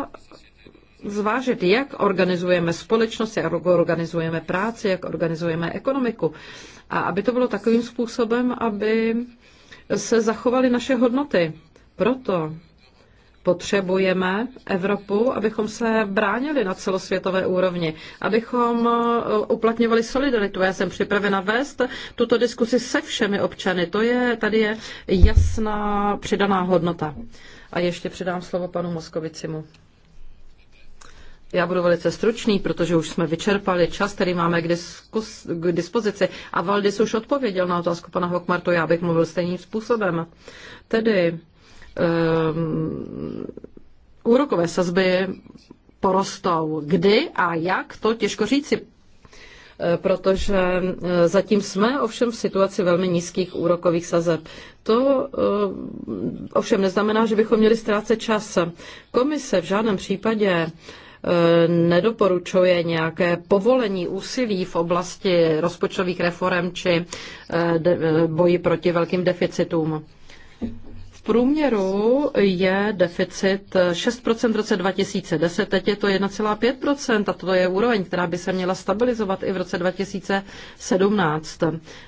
zvážit, jak organizujeme společnost, jak organizujeme práci, jak organizujeme ekonomiku. A aby to bylo takovým způsobem, aby se zachovaly naše hodnoty. Proto potřebujeme Evropu, abychom se bránili na celosvětové úrovni, abychom eh, uplatňovali solidaritu. Já jsem připravena vést tuto diskusi se všemi občany. To je, tady je jasná přidaná hodnota. A ještě předám slovo panu Moskovicimu. Já budu velice stručný, protože už jsme vyčerpali čas, který máme k, diskus, k dispozici. A Valdis už odpověděl na otázku pana Hokmartu, já bych mluvil stejným způsobem. Tedy um, úrokové sazby porostou. Kdy a jak, to těžko říci. Eh, protože eh, zatím jsme ovšem v situaci velmi nízkých úrokových sazeb. To eh, ovšem neznamená, že bychom měli ztrácet čas. Komise v žádném případě nedoporučuje nějaké povolení úsilí v oblasti rozpočtových reform či boji proti velkým deficitům průměru je deficit 6% v roce 2010, teď je to 1,5% a to je úroveň, která by se měla stabilizovat i v roce 2017.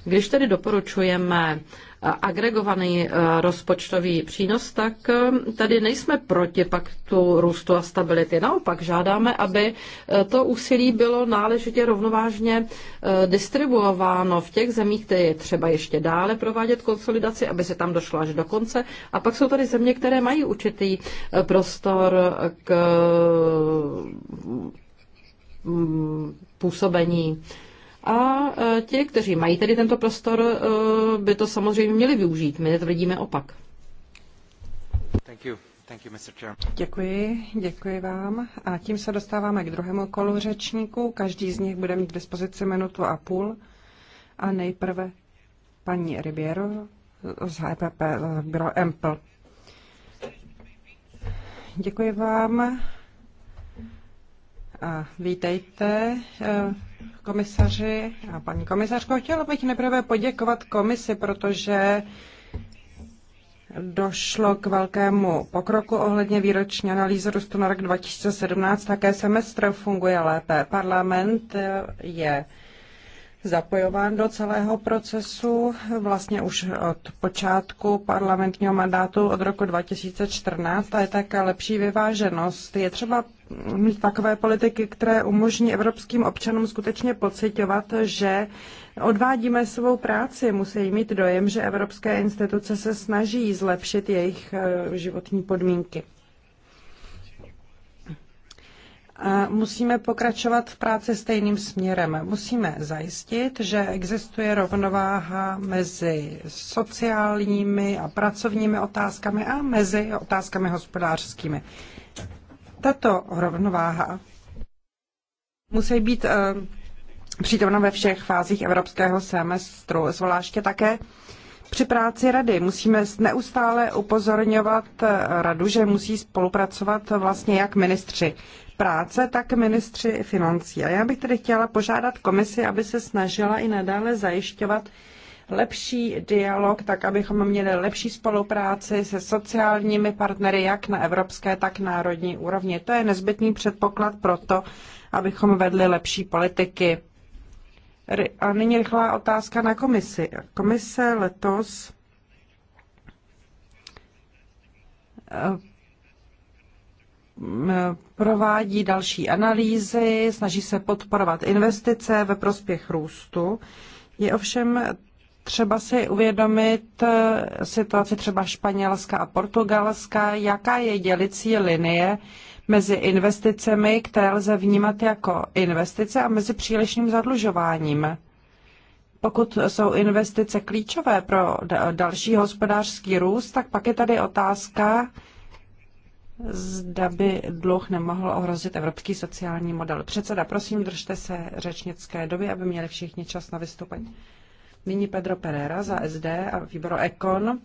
Když tedy doporučujeme agregovaný e, rozpočtový přínos, tak e, tady nejsme proti paktu růstu a stability. Naopak žádáme, aby e, to úsilí bylo náležitě rovnovážně distribuováno v těch zemích, které je třeba ještě dále provádět konsolidaci, aby se tam došlo až do konce. A pak jsou tady země, které mají určitý prostor k působení a e, ti, kteří mají tedy tento prostor, e, by to samozřejmě měli využít. My netvrdíme opak. Thank you. Thank you, Mr. Děkuji, děkuji vám. A tím se dostáváme k druhému kolu řečníků. Každý z nich bude mít k dispozici minutu a půl. A nejprve paní Ribiero z HPP, e Bro EMPL. Děkuji vám a vítejte komisaři a paní komisařko. Chtěla bych nejprve poděkovat komisi, protože došlo k velkému pokroku ohledně výroční analýzy růstu na rok 2017. Také semestr funguje lépe. Parlament je zapojován do celého procesu. Vlastně už od počátku parlamentního mandátu od roku 2014 a je také lepší vyváženost. Je třeba mít takové politiky, které umožní evropským občanům skutečně pocitovat, že odvádíme svou práci. Musí mít dojem, že evropské instituce se snaží zlepšit jejich eh, životní podmínky. A musíme pokračovat v práci stejným směrem. Musíme zajistit, že existuje rovnováha mezi sociálními a pracovními otázkami a mezi otázkami hospodářskými. Tato rovnováha musí být eh, přítomna ve všech fázích evropského semestru, zvláště také při práci rady. Musíme neustále upozorňovat eh, radu, že musí spolupracovat vlastně jak ministři práce, tak ministři financí. A já bych tedy chtěla požádat komisi, aby se snažila i nadále zajišťovat lepší dialog, tak abychom měli lepší spolupráci se sociálními partnery, jak na evropské, tak národní úrovni. To je nezbytný předpoklad pro to, abychom vedli lepší politiky. A nyní rychlá otázka na komisi. Komise letos eh, provádí další analýzy, snaží se podporovat investice ve prospěch růstu. Je ovšem třeba si uvědomit eh, situaci třeba Španělska a Portugalska, jaká je dělicí linie mezi investicemi, které lze vnímat jako investice a mezi přílišným zadlužováním. Pokud jsou investice klíčové pro další hospodářský růst, tak pak je tady otázka, zda by dluh nemohl ohrozit evropský sociální model. Předseda, prosím, držte se řečnické doby, aby měli všichni čas na vystoupení. Nyní Pedro Pereira za SD a výbor Ekon.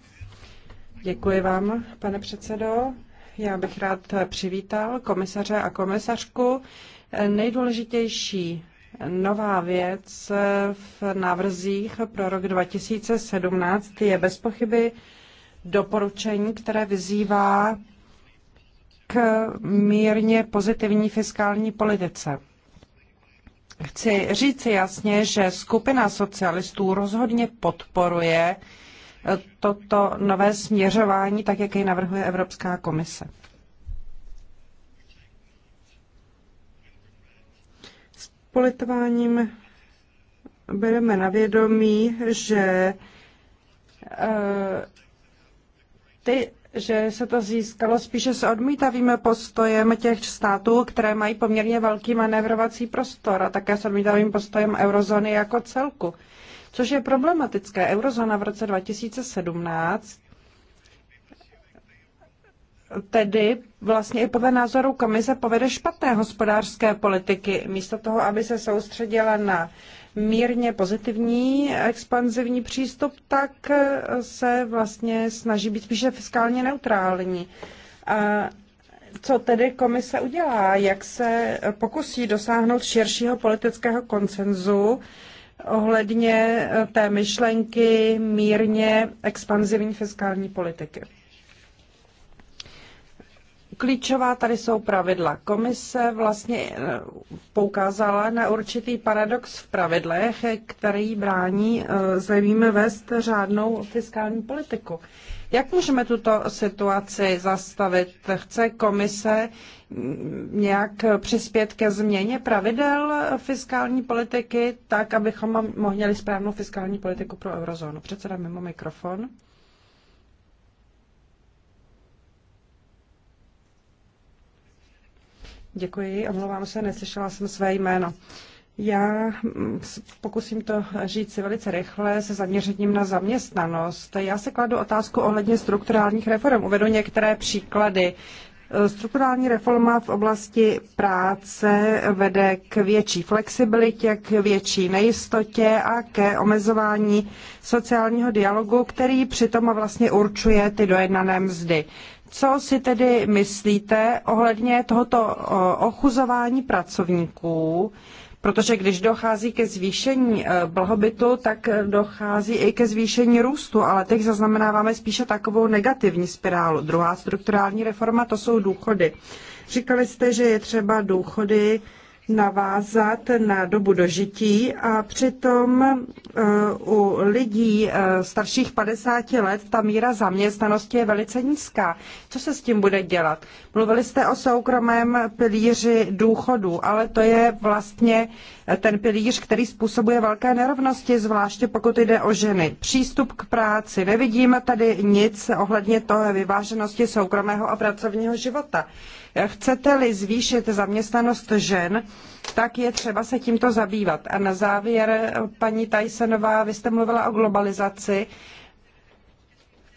Děkuji vám, pane předsedo. Já bych rád přivítal komisaře a komisařku. Nejdůležitější nová věc v návrzích pro rok 2017 je bez pochyby doporučení, které vyzývá k mírně pozitivní fiskální politice. Chci říci jasně, že skupina socialistů rozhodně podporuje eh, toto nové směřování, tak jak jej navrhuje Evropská komise. S politováním bereme na vědomí, že eh, ty že se to získalo spíše s odmítavým postojem těch států, které mají poměrně velký manévrovací prostor a také s odmítavým postojem eurozóny jako celku. Což je problematické. Eurozóna v roce 2017 tedy vlastně i podle názoru komise povede špatné hospodářské politiky, místo toho, aby se soustředila na mírně pozitivní expanzivní přístup, tak se vlastně snaží být spíše fiskálně neutrální. A co tedy komise udělá? Jak se pokusí dosáhnout širšího politického konsenzu ohledně té myšlenky mírně expanzivní fiskální politiky? klíčová tady jsou pravidla. Komise vlastně eh, poukázala na určitý paradox v pravidlech, který brání eh, zemím vést řádnou fiskální politiku. Jak můžeme tuto situaci zastavit? Chce komise mm, nějak přispět ke změně pravidel fiskální politiky, tak abychom mohli správnou fiskální politiku pro eurozónu? Předseda mimo mikrofon. Děkuji, omlouvám se, neslyšela jsem své jméno. Já pokusím to říct si velice rychle se zaměřením na zaměstnanost. Já se kladu otázku ohledně strukturálních reform. Uvedu některé příklady. Strukturální reforma v oblasti práce vede k větší flexibilitě, k větší nejistotě a ke omezování sociálního dialogu, který přitom vlastně určuje ty dojednané mzdy. Co si tedy myslíte ohledně tohoto ochuzování pracovníků? Protože když dochází ke zvýšení e, blahobytu, tak dochází i ke zvýšení růstu, ale teď zaznamenáváme spíše takovou negativní spirálu. Druhá strukturální reforma to jsou důchody. Říkali jste, že je třeba důchody navázat na dobu dožití a přitom eh, u lidí eh, starších 50 let ta míra zaměstnanosti je velice nízká. Co se s tím bude dělat? Mluvili jste o soukromém pilíři důchodu, ale to je vlastně eh, ten pilíř, který způsobuje velké nerovnosti, zvláště pokud jde o ženy. Přístup k práci. Nevidíme tady nic ohledně toho vyváženosti soukromého a pracovního života. Chcete-li zvýšit zaměstnanost žen, tak je třeba se tímto zabývat. A na závěr, paní Tysonová, vy jste mluvila o globalizaci.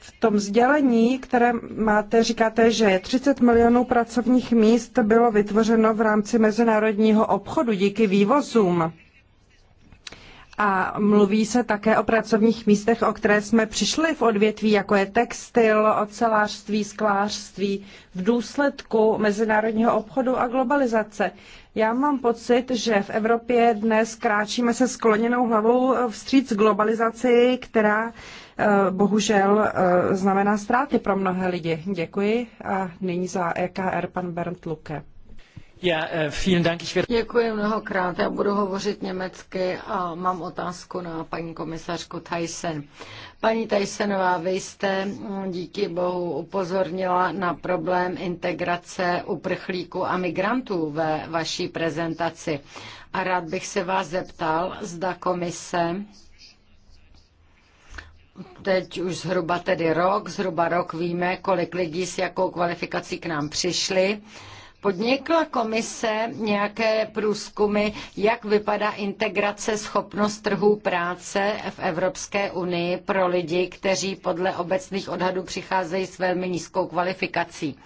V tom sdělení, které máte, říkáte, že 30 milionů pracovních míst bylo vytvořeno v rámci mezinárodního obchodu díky vývozům. A mluví se také o pracovních místech, o které jsme přišli v odvětví, jako je textil, ocelářství, sklářství, v důsledku mezinárodního obchodu a globalizace. Já mám pocit, že v Evropě dnes kráčíme se skloněnou hlavou vstříc globalizaci, která eh, bohužel eh, znamená ztráty pro mnohé lidi. Děkuji a nyní za EKR pan Bernd Luke. Eh, Děkuji mnohokrát. Já budu hovořit německy a mám otázku na paní komisařku Tyson. Paní Tysonová, vy jste mm, díky bohu upozornila na problém integrace uprchlíků a migrantů ve vaší prezentaci. A rád bych se vás zeptal, zda komise teď už zhruba tedy rok, zhruba rok víme, kolik lidí s jakou kvalifikací k nám přišli Podnikla komise nějaké průzkumy, jak vypadá integrace schopnost trhů práce v Evropské unii pro lidi, kteří podle obecných odhadů přicházejí s velmi nízkou kvalifikací.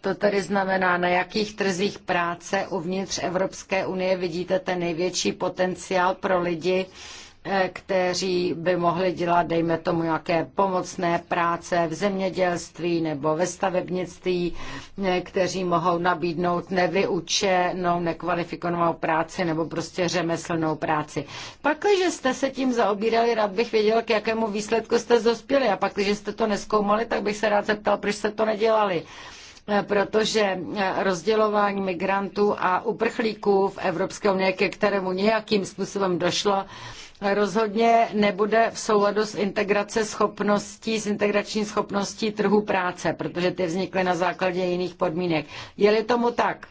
To tedy znamená, na jakých trzích práce uvnitř Evropské unie vidíte ten největší potenciál pro lidi, Eh, kteří by mohli dělat, dejme tomu, nějaké pomocné práce v zemědělství nebo ve stavebnictví, eh, kteří mohou nabídnout nevyučenou, nekvalifikovanou práci nebo prostě řemeslnou práci. Pak, když jste se tím zaobírali, rád bych věděl, k jakému výsledku jste zospěli. a pak, když jste to neskoumali, tak bych se rád zeptal, proč jste to nedělali eh, protože rozdělování migrantů a uprchlíků v Evropské unii, ke kterému nějakým způsobem došlo, rozhodně nebude v souladu s integrace schopností, s integrační schopností trhu práce, protože ty vznikly na základě jiných podmínek. Je-li tomu tak,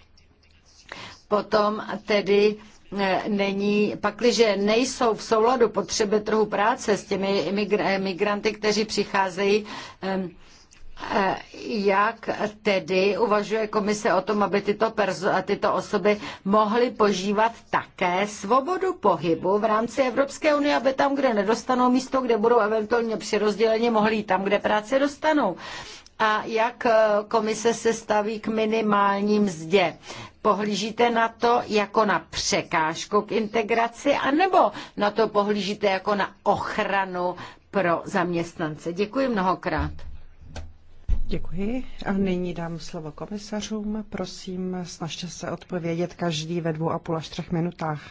potom tedy e, není, pakliže nejsou v souladu potřeby trhu práce s těmi migranty, kteří přicházejí, jak tedy uvažuje komise o tom, aby tyto, perso- tyto osoby mohly požívat také svobodu pohybu v rámci Evropské unie, aby tam, kde nedostanou místo, kde budou eventuálně přirozděleně, mohli jít tam, kde práce dostanou? A jak eh, komise se staví k minimální mzdě? Pohlížíte na to jako na překážku k integraci, anebo na to pohlížíte jako na ochranu pro zaměstnance? Děkuji mnohokrát. Děkuji. A nyní dám slovo komisařům. Prosím, snažte se odpovědět každý ve dvou a půl až třech minutách.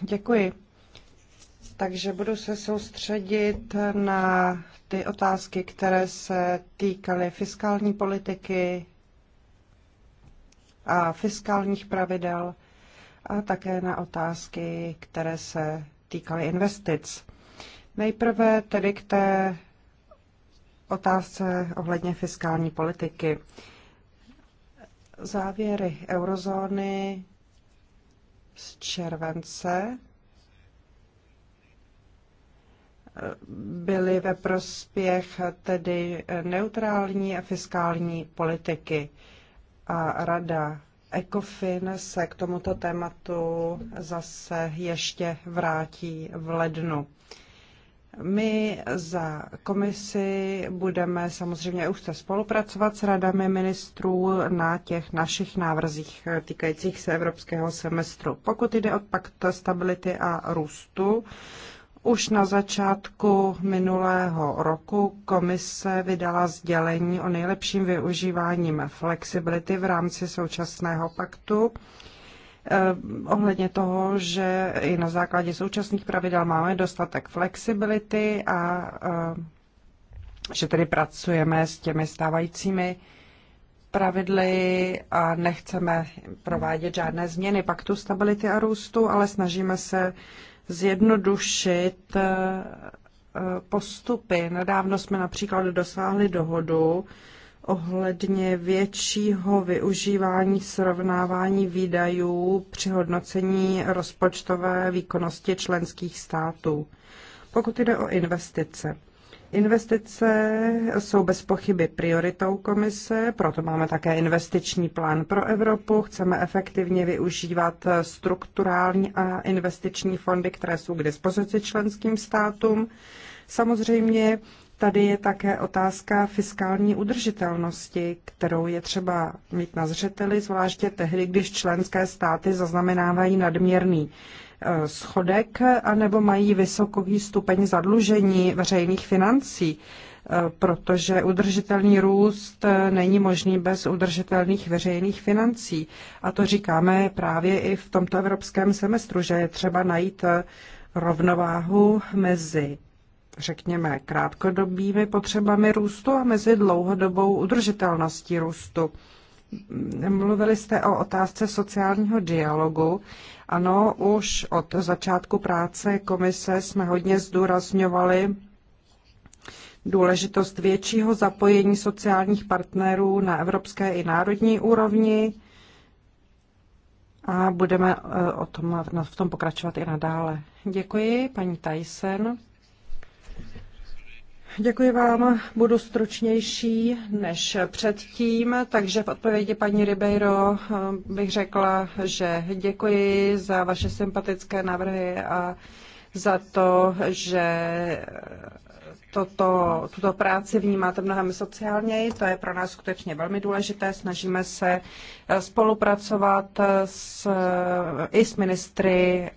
Děkuji. Takže budu se soustředit na ty otázky, které se týkaly fiskální politiky a fiskálních pravidel a také na otázky, které se týkaly investic. Nejprve tedy k té otázce ohledně fiskální politiky. Závěry eurozóny z července byly ve prospěch tedy neutrální a fiskální politiky. A rada ECOFIN se k tomuto tématu zase ještě vrátí v lednu. My za komisi budeme samozřejmě už se spolupracovat s radami ministrů na těch našich návrzích týkajících se evropského semestru. Pokud jde o pakt stability a růstu, už na začátku minulého roku komise vydala sdělení o nejlepším využíváním flexibility v rámci současného paktu Eh, ohledně toho, že i na základě současných pravidel máme dostatek flexibility a eh, že tedy pracujeme s těmi stávajícími pravidly a nechceme provádět žádné změny paktu stability a růstu, ale snažíme se zjednodušit eh, postupy. Nedávno jsme například dosáhli dohodu, ohledně většího využívání srovnávání výdajů při hodnocení rozpočtové výkonnosti členských států. Pokud jde o investice. Investice jsou bez pochyby prioritou komise, proto máme také investiční plán pro Evropu. Chceme efektivně využívat strukturální a investiční fondy, které jsou k dispozici členským státům. Samozřejmě Tady je také otázka fiskální udržitelnosti, kterou je třeba mít na zřeteli, zvláště tehdy, když členské státy zaznamenávají nadměrný e, schodek anebo mají vysoký stupeň zadlužení veřejných financí, e, protože udržitelný růst e, není možný bez udržitelných veřejných financí. A to říkáme právě i v tomto evropském semestru, že je třeba najít rovnováhu mezi řekněme, krátkodobými potřebami růstu a mezi dlouhodobou udržitelností růstu. Mluvili jste o otázce sociálního dialogu. Ano, už od začátku práce komise jsme hodně zdůrazňovali důležitost většího zapojení sociálních partnerů na evropské i národní úrovni a budeme eh, o tom, v tom pokračovat i nadále. Děkuji, paní Tyson. Děkuji vám, budu stručnější než předtím, takže v odpovědi paní Ribeiro eh, bych řekla, že děkuji za vaše sympatické návrhy a za to, že toto, tuto práci vnímáte mnohem sociálněji. To je pro nás skutečně velmi důležité. Snažíme se eh, spolupracovat s, eh, i s ministry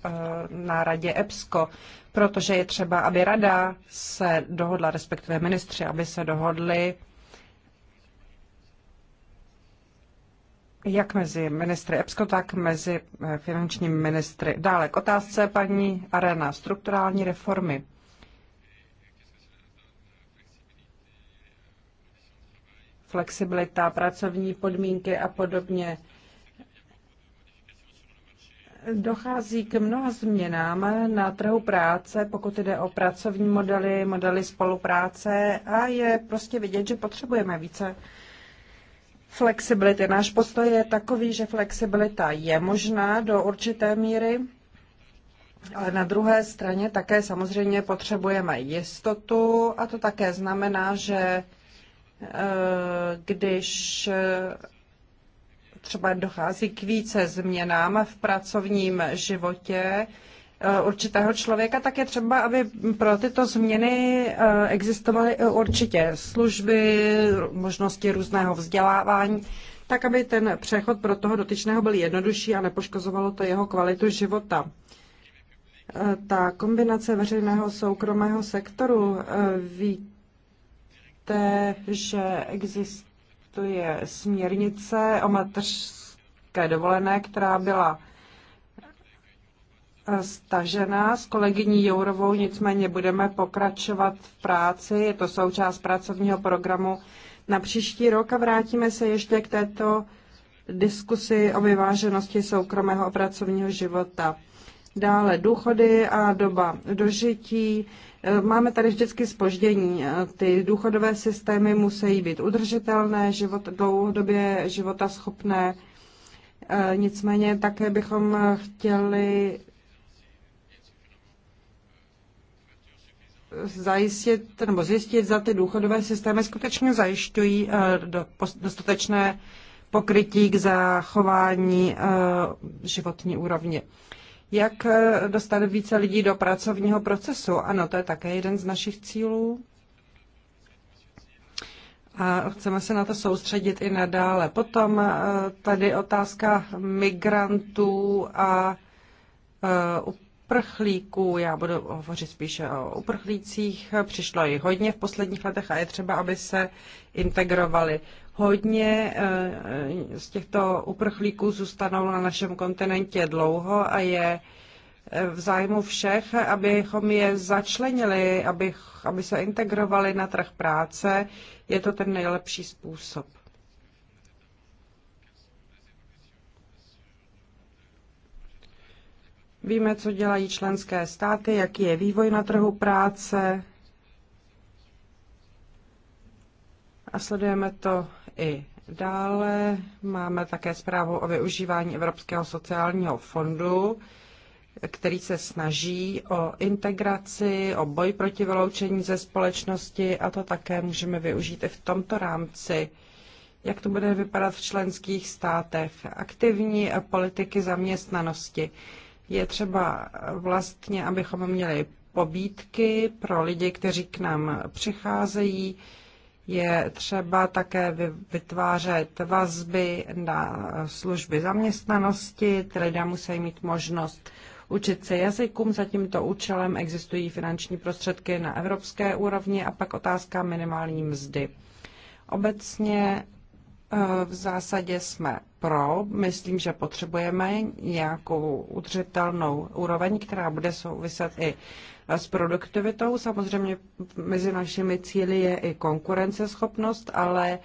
na radě EPSCO protože je třeba, aby rada se dohodla, respektive ministři, aby se dohodli, jak mezi ministry EPSCO, tak mezi eh, finančními ministry. Dále k otázce paní Arena, strukturální reformy. Flexibilita, pracovní podmínky a podobně. Dochází k mnoha změnám na trhu práce, pokud jde o pracovní modely, modely spolupráce a je prostě vidět, že potřebujeme více flexibility. Náš postoj je takový, že flexibilita je možná do určité míry, ale na druhé straně také samozřejmě potřebujeme jistotu a to také znamená, že eh, když třeba dochází k více změnám v pracovním životě eh, určitého člověka, tak je třeba, aby pro tyto změny eh, existovaly určitě služby, možnosti různého vzdělávání, tak aby ten přechod pro toho dotyčného byl jednodušší a nepoškozovalo to jeho kvalitu života. Eh, ta kombinace veřejného soukromého sektoru víte, že existuje to je směrnice o mateřské dovolené, která byla eh, stažená s kolegyní Jourovou, nicméně budeme pokračovat v práci. Je to součást pracovního programu na příští rok a vrátíme se ještě k této diskusi o vyváženosti soukromého a pracovního života dále důchody a doba dožití. E, máme tady vždycky spoždění. E, ty důchodové systémy musí být udržitelné, život, dlouhodobě života schopné. E, nicméně také bychom chtěli zajistit, nebo zjistit, za ty důchodové systémy skutečně zajišťují dostatečné pokrytí k zachování životní úrovně jak eh, dostat více lidí do pracovního procesu. Ano, to je také jeden z našich cílů. A chceme se na to soustředit i nadále. Potom eh, tady otázka migrantů a eh, uprchlíků. Já budu hovořit spíše o uprchlících. Přišlo jich hodně v posledních letech a je třeba, aby se integrovali. Hodně eh, eh, z těchto uprchlíků zůstanou na našem kontinentě dlouho a je eh, v zájmu všech, abychom je začlenili, aby, aby se integrovali na trh práce. Je to ten nejlepší způsob. Víme, co dělají členské státy, jaký je vývoj na trhu práce. A sledujeme to i dále. Máme také zprávu o využívání Evropského sociálního fondu, který se snaží o integraci, o boj proti vyloučení ze společnosti a to také můžeme využít i v tomto rámci. Jak to bude vypadat v členských státech? Aktivní politiky zaměstnanosti. Je třeba vlastně, abychom měli pobídky pro lidi, kteří k nám přicházejí, je třeba také vytvářet vazby na služby zaměstnanosti, které lidé musí mít možnost učit se jazykům. Za tímto účelem existují finanční prostředky na evropské úrovni a pak otázka minimální mzdy. Obecně Eh, v zásadě jsme pro. Myslím, že potřebujeme nějakou udržitelnou úroveň, která bude souviset i eh, s produktivitou. Samozřejmě mezi našimi cíly je i konkurenceschopnost, ale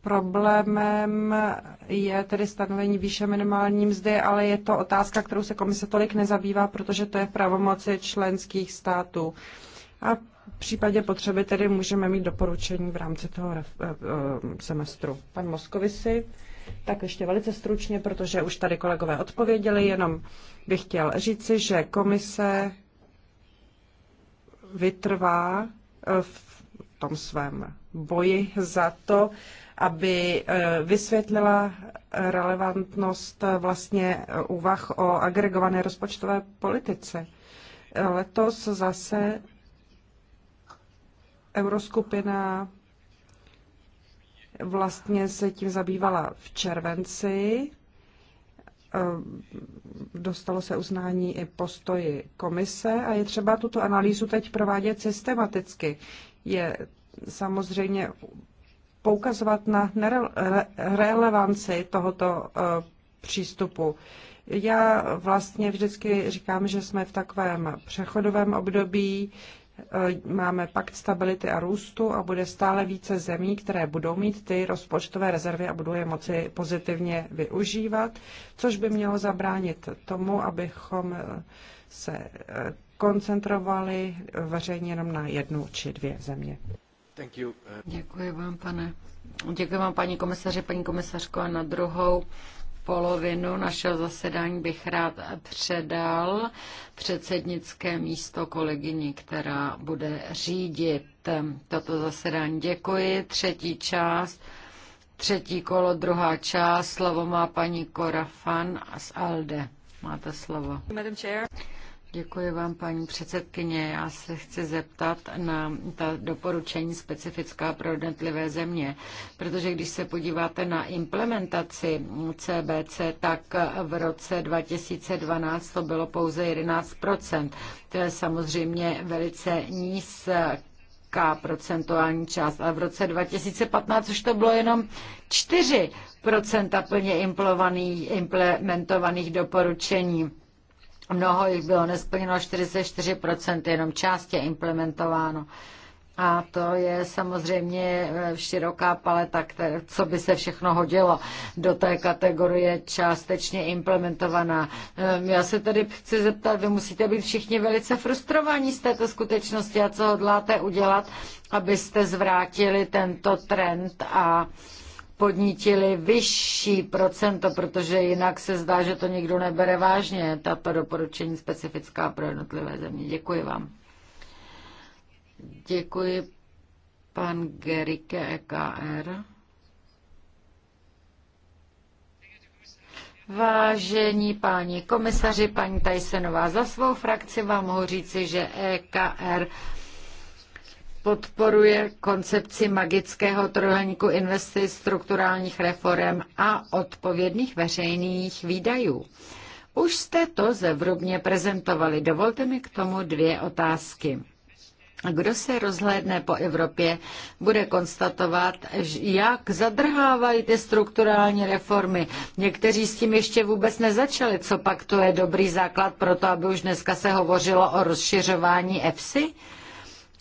problémem je tedy stanovení výše minimální mzdy, ale je to otázka, kterou se komise tolik nezabývá, protože to je v pravomoci členských států. A v případě potřeby tedy můžeme mít doporučení v rámci toho eh, eh, semestru. Pan Moskovisi, tak ještě velice stručně, protože už tady kolegové odpověděli, jenom bych chtěl říci, že komise vytrvá eh, v tom svém boji za to, aby vysvětlila relevantnost vlastně úvah o agregované rozpočtové politice. Letos zase Euroskupina vlastně se tím zabývala v červenci. Ehm, dostalo se uznání i postoji komise a je třeba tuto analýzu teď provádět systematicky. Je samozřejmě poukazovat na relevanci tohoto ehm, přístupu. Já vlastně vždycky říkám, že jsme v takovém přechodovém období, Eh, máme pakt stability a růstu a bude stále více zemí, které budou mít ty rozpočtové rezervy a budou je moci pozitivně využívat, což by mělo zabránit tomu, abychom eh, se eh, koncentrovali veřejně jenom na jednu či dvě země. Thank you. Děkuji vám, pane. Děkuji vám, paní komisaři, paní komisařko, a na druhou polovinu našeho zasedání bych rád předal předsednické místo kolegyni, která bude řídit toto zasedání. Děkuji. Třetí část, třetí kolo, druhá část. Slovo má paní Korafan z ALDE. Máte slovo. Madam Chair. Děkuji vám, paní předsedkyně. Já se chci zeptat na ta doporučení specifická pro jednotlivé země, protože když se podíváte na implementaci CBC, tak v roce 2012 to bylo pouze 11 To je samozřejmě velice nízké procentuální část, ale v roce 2015 už to bylo jenom 4 plně implementovaných doporučení. Mnoho jich bylo nesplněno, 44% jenom část je implementováno. A to je samozřejmě eh, široká paleta, které, co by se všechno hodilo do té kategorie částečně implementovaná. Ehm, já se tedy chci zeptat, vy musíte být všichni velice frustrovaní z této skutečnosti a co hodláte udělat, abyste zvrátili tento trend a podnítili vyšší procento, protože jinak se zdá, že to nikdo nebere vážně, tato doporučení specifická pro jednotlivé země. Děkuji vám. Děkuji pan Gerike EKR. Vážení páni komisaři, paní Tajsenová, za svou frakci vám mohu říci, že EKR podporuje koncepci magického trojuhelníku investic, strukturálních reform a odpovědných veřejných výdajů. Už jste to zevrubně prezentovali. Dovolte mi k tomu dvě otázky. Kdo se rozhlédne po Evropě, bude konstatovat, jak zadrhávají ty strukturální reformy. Někteří s tím ještě vůbec nezačali, co pak to je dobrý základ pro to, aby už dneska se hovořilo o rozšiřování EFSI.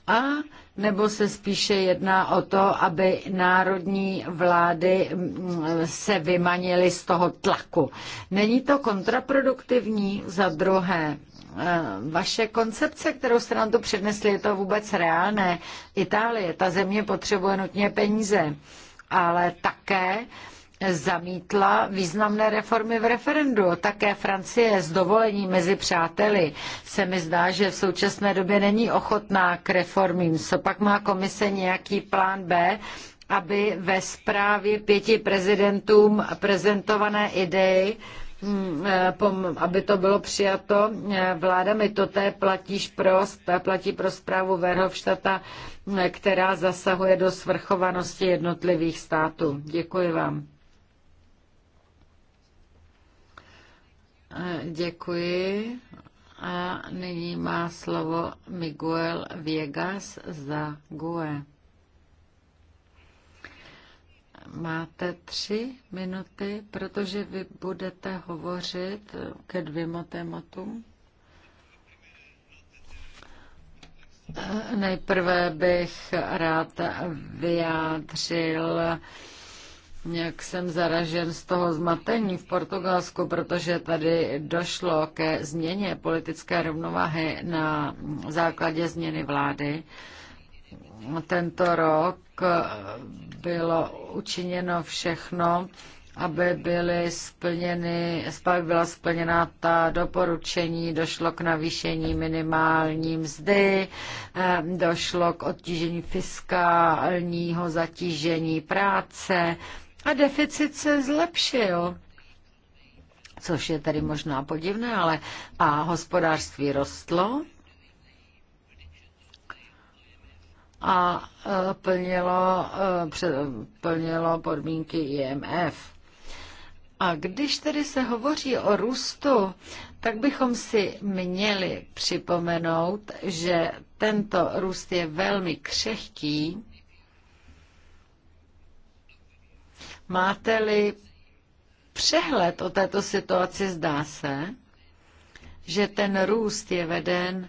A nebo se spíše jedná o to, aby národní vlády mm, se vymanily z toho tlaku. Není to kontraproduktivní za druhé? E, vaše koncepce, kterou jste nám tu přednesli, je to vůbec reálné? Itálie, ta země potřebuje nutně peníze, ale také zamítla významné reformy v referendu. Také Francie s dovolením mezi přáteli se mi zdá, že v současné době není ochotná k reformím. Co pak má komise nějaký plán B, aby ve zprávě pěti prezidentům prezentované idei hm, eh, aby to bylo přijato eh, vládami. To té platíš pro, platí pro zprávu Verhofštata, eh, která zasahuje do svrchovanosti jednotlivých států. Děkuji vám. Děkuji. A nyní má slovo Miguel Viegas za GUE. Máte tři minuty, protože vy budete hovořit ke dvěma tématům. Nejprve bych rád vyjádřil jak jsem zaražen z toho zmatení v Portugalsku, protože tady došlo ke změně politické rovnováhy na základě změny vlády. Tento rok bylo učiněno všechno, aby, byly splněny, aby byla splněna ta doporučení, došlo k navýšení minimální mzdy, eh, došlo k odtížení fiskálního zatížení práce, a deficit se zlepšil což je tady možná podivné, ale a hospodářství rostlo a e, plnilo, e, plnilo podmínky IMF. A když tedy se hovoří o růstu, tak bychom si měli připomenout, že tento růst je velmi křehký Máte-li přehled o této situaci, zdá se, že ten růst je veden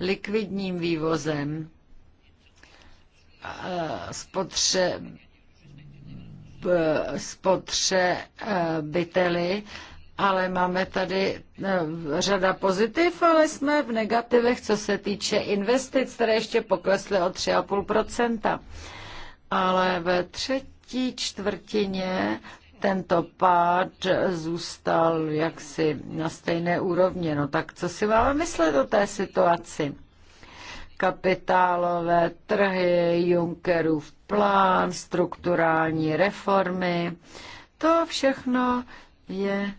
likvidním vývozem eh, eh, spotřebiteli, ale máme tady eh, řada pozitiv, ale jsme v negativech, co se týče investic, které ještě poklesly o 3,5%. Ale ve třetí třetí čtvrtině tento pád zůstal jaksi na stejné úrovni. No tak co si máme myslet o té situaci? Kapitálové trhy, Junckerův plán, strukturální reformy, to všechno je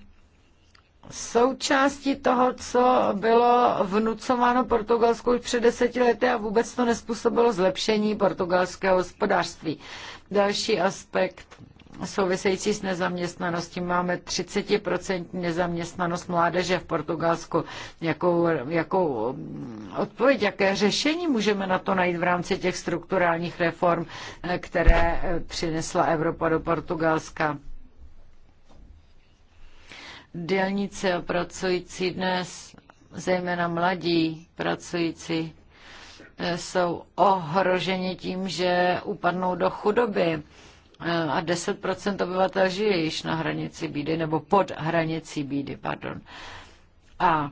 součástí toho, co bylo vnucováno Portugalsku už před deseti lety a vůbec to nespůsobilo zlepšení portugalského hospodářství. Další aspekt související s nezaměstnaností. Máme 30% nezaměstnanost mládeže v Portugalsku. Jakou, jakou odpověď, jaké řešení můžeme na to najít v rámci těch strukturálních reform, které přinesla Evropa do Portugalska? dělníci a pracující dnes, zejména mladí pracující, eh, jsou ohroženi tím, že upadnou do chudoby eh, a 10% obyvatel žije již na hranici bídy nebo pod hranicí bídy. Pardon. A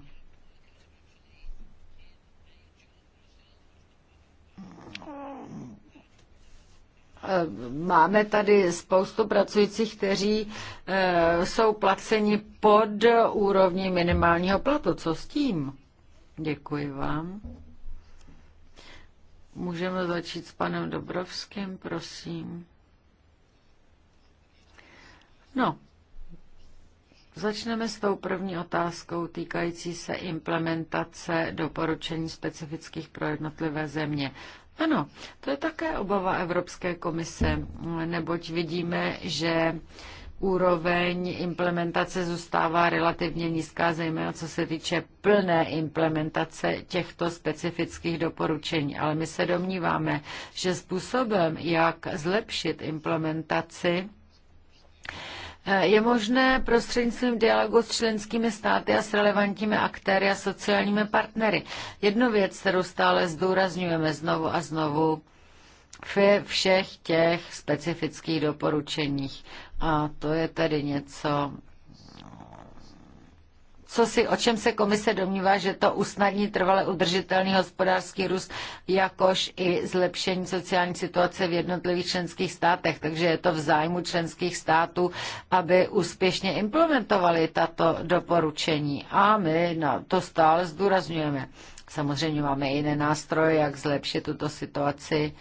Eh, máme tady spoustu pracujících, kteří eh, jsou placeni pod úrovní minimálního platu. Co s tím? Děkuji vám. Můžeme začít s panem Dobrovským, prosím. No, začneme s tou první otázkou týkající se implementace doporučení specifických pro jednotlivé země. Ano, to je také obava Evropské komise, neboť vidíme, že úroveň implementace zůstává relativně nízká, zejména co se týče plné implementace těchto specifických doporučení. Ale my se domníváme, že způsobem, jak zlepšit implementaci, je možné prostřednictvím dialogu s členskými státy a s relevantními aktéry a sociálními partnery. Jednu věc, kterou stále zdůrazňujeme znovu a znovu, ve všech těch specifických doporučeních. A to je tedy něco, co si, o čem se komise domnívá, že to usnadní trvale udržitelný hospodářský růst, jakož i zlepšení sociální situace v jednotlivých členských státech. Takže je to v zájmu členských států, aby úspěšně implementovali tato doporučení. A my na to stále zdůrazňujeme. Samozřejmě máme i jiné nástroje, jak zlepšit tuto situaci.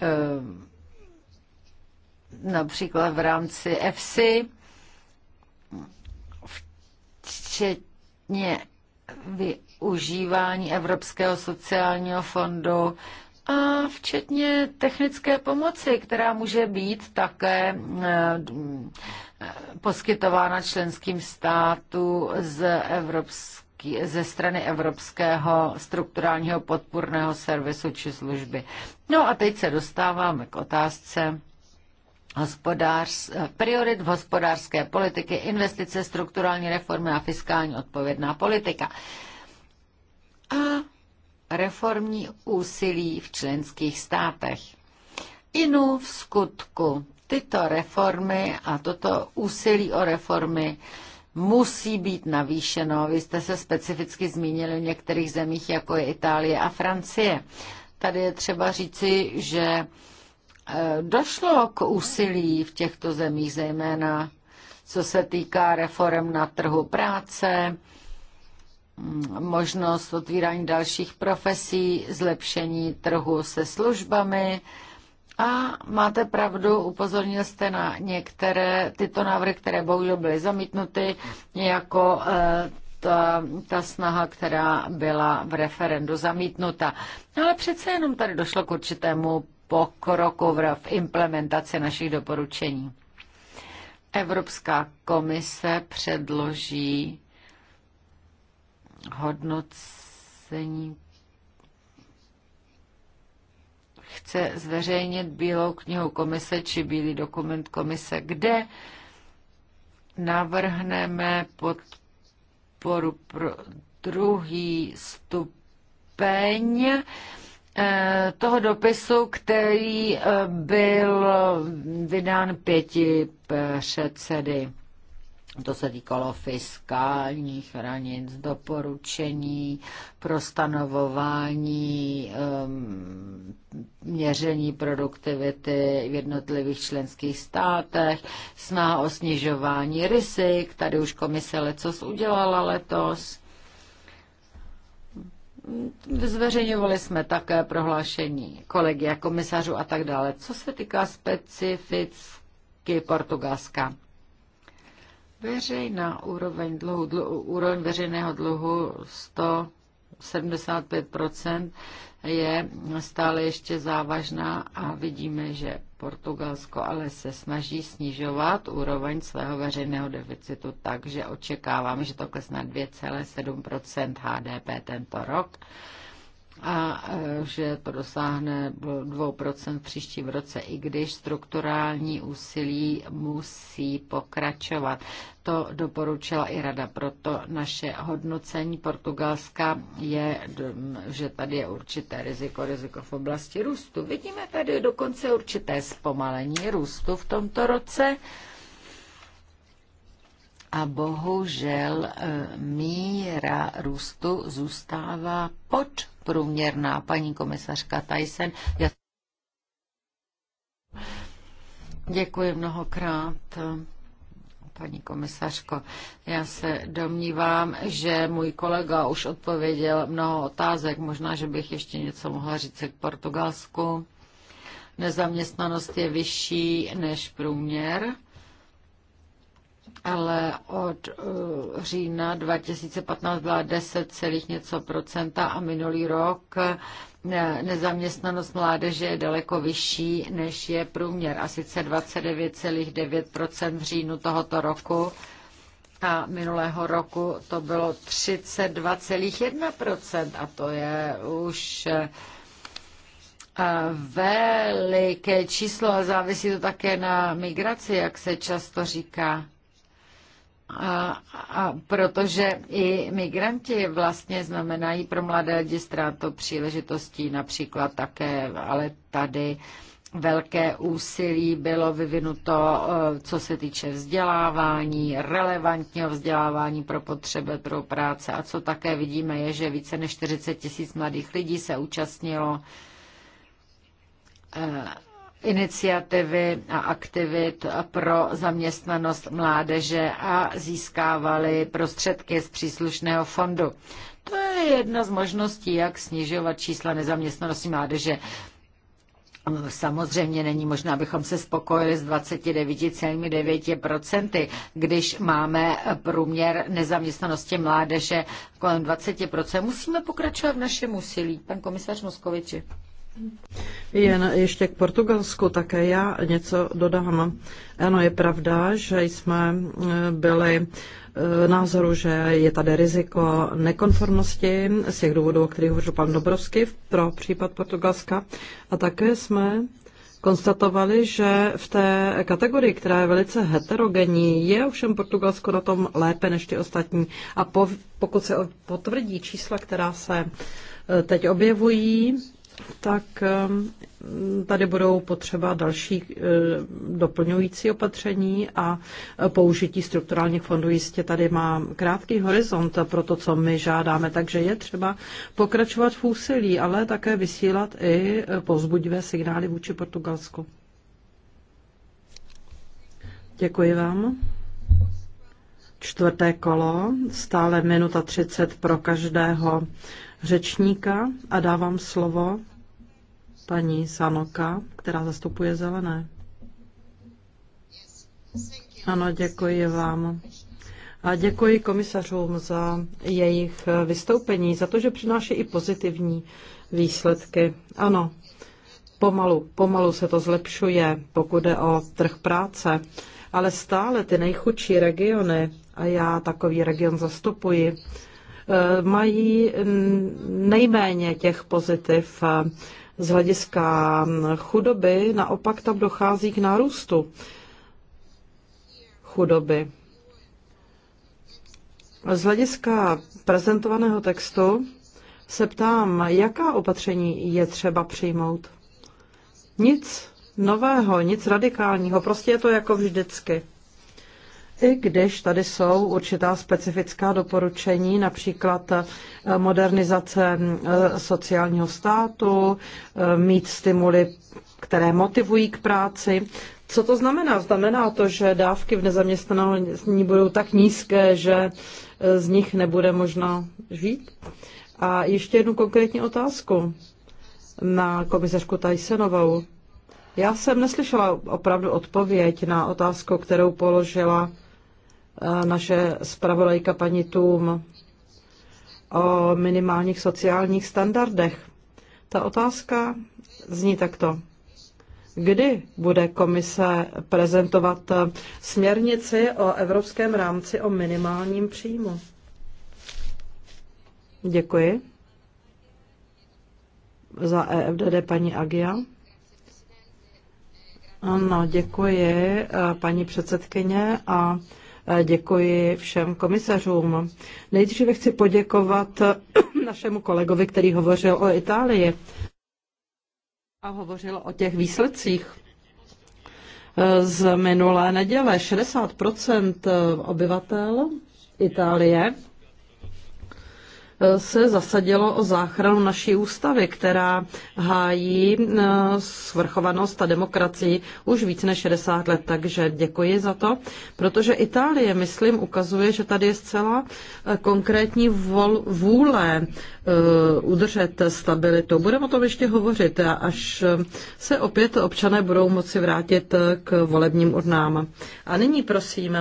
Ehm, například v rámci EFSI včetně využívání Evropského sociálního fondu a včetně technické pomoci, která může být také eh, poskytována členským státu z Evropské ze strany Evropského strukturálního podpůrného servisu či služby. No a teď se dostáváme k otázce priorit v hospodářské politiky, investice, strukturální reformy a fiskální odpovědná politika. A reformní úsilí v členských státech. Inu v skutku tyto reformy a toto úsilí o reformy musí být navýšeno. Vy jste se specificky zmínili v některých zemích, jako je Itálie a Francie. Tady je třeba říci, že došlo k úsilí v těchto zemích, zejména co se týká reform na trhu práce, možnost otvírání dalších profesí, zlepšení trhu se službami. A máte pravdu, upozornil jste na některé tyto návrhy, které bohužel byly zamítnuty, jako eh, ta, ta snaha, která byla v referendu zamítnuta. No, ale přece jenom tady došlo k určitému pokroku v implementaci našich doporučení. Evropská komise předloží hodnocení chce zveřejnit bílou knihu komise či bílý dokument komise, kde navrhneme podporu pro druhý stupeň Eh, toho dopisu, který eh, byl eh, vydán pěti předsedy. To se týkalo fiskálních hranic, doporučení pro stanovování, um, měření produktivity v jednotlivých členských státech, snaha o snižování rizik, tady už komise co udělala letos Zveřejňovali jsme také prohlášení kolegy a komisařů a tak dále. Co se týká specificky Portugalska, veřejná úroveň, dluhu, dluhu, úroveň veřejného dluhu 175 je stále ještě závažná a vidíme, že Portugalsko ale se snaží snižovat úroveň svého veřejného deficitu tak, že očekáváme, že to klesne 2,7 HDP tento rok a e, že to dosáhne 2% v roce, i když strukturální úsilí musí pokračovat. To doporučila i rada, proto naše hodnocení Portugalska je, že tady je určité riziko, riziko v oblasti růstu. Vidíme tady dokonce určité zpomalení růstu v tomto roce a bohužel eh, míra růstu zůstává podprůměrná. Paní komisařka Tyson, já... děkuji mnohokrát paní komisařko. Já se domnívám, že můj kolega už odpověděl mnoho otázek. Možná, že bych ještě něco mohla říct k Portugalsku. Nezaměstnanost je vyšší než průměr ale od eh, října 2015 byla 10 celých něco procenta a minulý rok eh, nezaměstnanost mládeže je daleko vyšší, než je průměr, a sice 29,9 v říjnu tohoto roku a minulého roku to bylo 32,1 a to je už eh, veliké číslo a závisí to také na migraci, jak se často říká. A, a protože i migranti vlastně znamenají pro mladé lidi ztrátu příležitostí, například také, ale tady velké úsilí bylo vyvinuto, eh, co se týče vzdělávání, relevantního vzdělávání pro potřeby pro práce. A co také vidíme, je, že více než 40 tisíc mladých lidí se účastnilo eh, iniciativy a aktivit pro zaměstnanost mládeže a získávali prostředky z příslušného fondu. To je jedna z možností, jak snižovat čísla nezaměstnanosti mládeže. Samozřejmě není možné, abychom se spokojili s 29,9%, když máme průměr nezaměstnanosti mládeže kolem 20%. Musíme pokračovat v našem úsilí. Pan komisař Moskoviči. Jen ještě k Portugalsku také já něco dodám. Ano, je pravda, že jsme eh, byli eh, názoru, že je tady riziko nekonformnosti z těch důvodů, o kterých hovořil pan Dobrovský pro případ Portugalska. A také jsme konstatovali, že v té kategorii, která je velice heterogenní, je ovšem Portugalsko na tom lépe než ty ostatní. A po, pokud se potvrdí čísla, která se eh, teď objevují, tak ehm, tady budou potřeba další eh, doplňující opatření a eh, použití strukturálních fondů jistě tady má krátký horizont pro to, co my žádáme, takže je třeba pokračovat v úsilí, ale také vysílat i eh, povzbudivé signály vůči Portugalsku. Děkuji vám. Čtvrté kolo, stále minuta 30 pro každého řečníka a dávám slovo paní Sanoka, která zastupuje zelené. Ano, děkuji vám. A děkuji komisařům za jejich vystoupení, za to, že přináší i pozitivní výsledky. Ano, pomalu, pomalu se to zlepšuje, pokud jde o trh práce, ale stále ty nejchudší regiony, a já takový region zastupuji, Eh, mají nejméně těch pozitiv eh, z hlediska mm, chudoby, naopak tam dochází k nárůstu chudoby. Z hlediska prezentovaného textu se ptám, jaká opatření je třeba přijmout. Nic nového, nic radikálního, prostě je to jako vždycky i když tady jsou určitá specifická doporučení, například eh, modernizace eh, sociálního státu, eh, mít stimuly, které motivují k práci. Co to znamená? Znamená to, že dávky v nezaměstnanosti budou tak nízké, že z nich nebude možno žít? A ještě jednu konkrétní otázku na komisařku Tysonovou. Já jsem neslyšela opravdu odpověď na otázku, kterou položila naše zpravodajka paní Tům o minimálních sociálních standardech. Ta otázka zní takto. Kdy bude komise prezentovat směrnici o evropském rámci o minimálním příjmu? Děkuji. Za EFDD paní Agia. Ano, děkuji, paní předsedkyně, a Děkuji všem komisařům. Nejdříve chci poděkovat *clears throat* našemu kolegovi, který hovořil o Itálii a hovořil o těch výsledcích z minulé neděle. 60 obyvatel Itálie se zasadilo o záchranu naší ústavy, která hájí eh, svrchovanost a demokracii už víc než 60 let. Takže děkuji za to, protože Itálie, myslím, ukazuje, že tady je zcela eh, konkrétní vol, vůle eh, udržet stabilitu. Budeme o tom ještě hovořit, až se opět občané budou moci vrátit k volebním urnám. A nyní prosím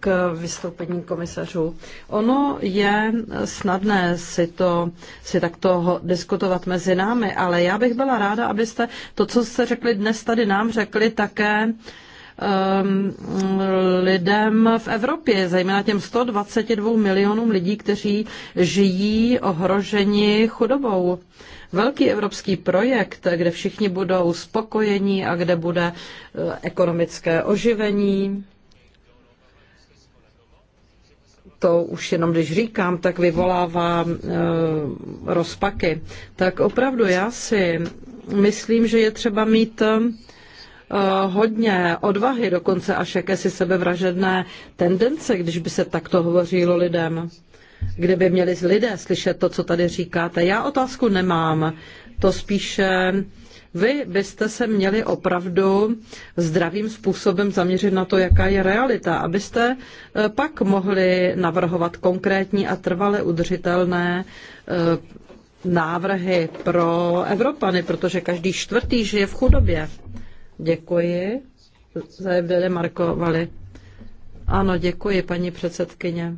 k vystoupení komisařů. Ono je snadné možné si, to, si takto diskutovat mezi námi, ale já bych byla ráda, abyste to, co jste řekli dnes tady nám, řekli také um, lidem v Evropě, zejména těm 122 milionům lidí, kteří žijí ohroženi chudobou velký evropský projekt, kde všichni budou spokojení a kde bude eh, ekonomické oživení to už jenom když říkám, tak vyvolává e, rozpaky. Tak opravdu já si myslím, že je třeba mít e, hodně odvahy, dokonce až jakési sebevražedné tendence, když by se takto hovořilo lidem. Kdyby měli lidé slyšet to, co tady říkáte. Já otázku nemám. To spíše vy byste se měli opravdu zdravým způsobem zaměřit na to, jaká je realita, abyste e, pak mohli navrhovat konkrétní a trvale udržitelné e, návrhy pro Evropany, protože každý čtvrtý žije v chudobě. Děkuji. Za FDD Marko Vali. Ano, děkuji, paní předsedkyně.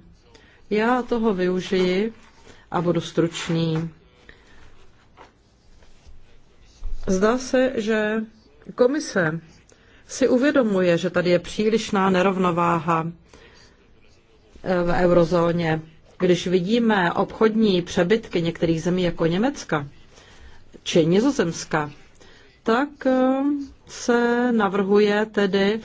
Já toho využiji a budu stručný. Zdá se, že komise si uvědomuje, že tady je přílišná nerovnováha eh, v eurozóně. Když vidíme obchodní přebytky některých zemí jako Německa či Nizozemska, tak eh, se navrhuje tedy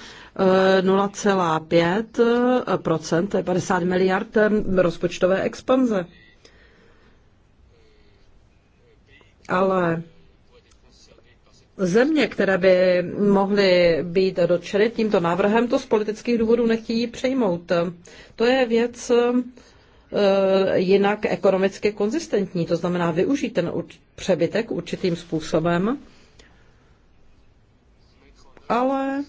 0,5 eh, to je 50 miliard rozpočtové expanze. Ale země, které by mohly být dotčeny tímto návrhem, to z politických důvodů nechtějí přejmout. To je věc eh, jinak ekonomicky konzistentní, to znamená využít ten přebytek určitým způsobem, ale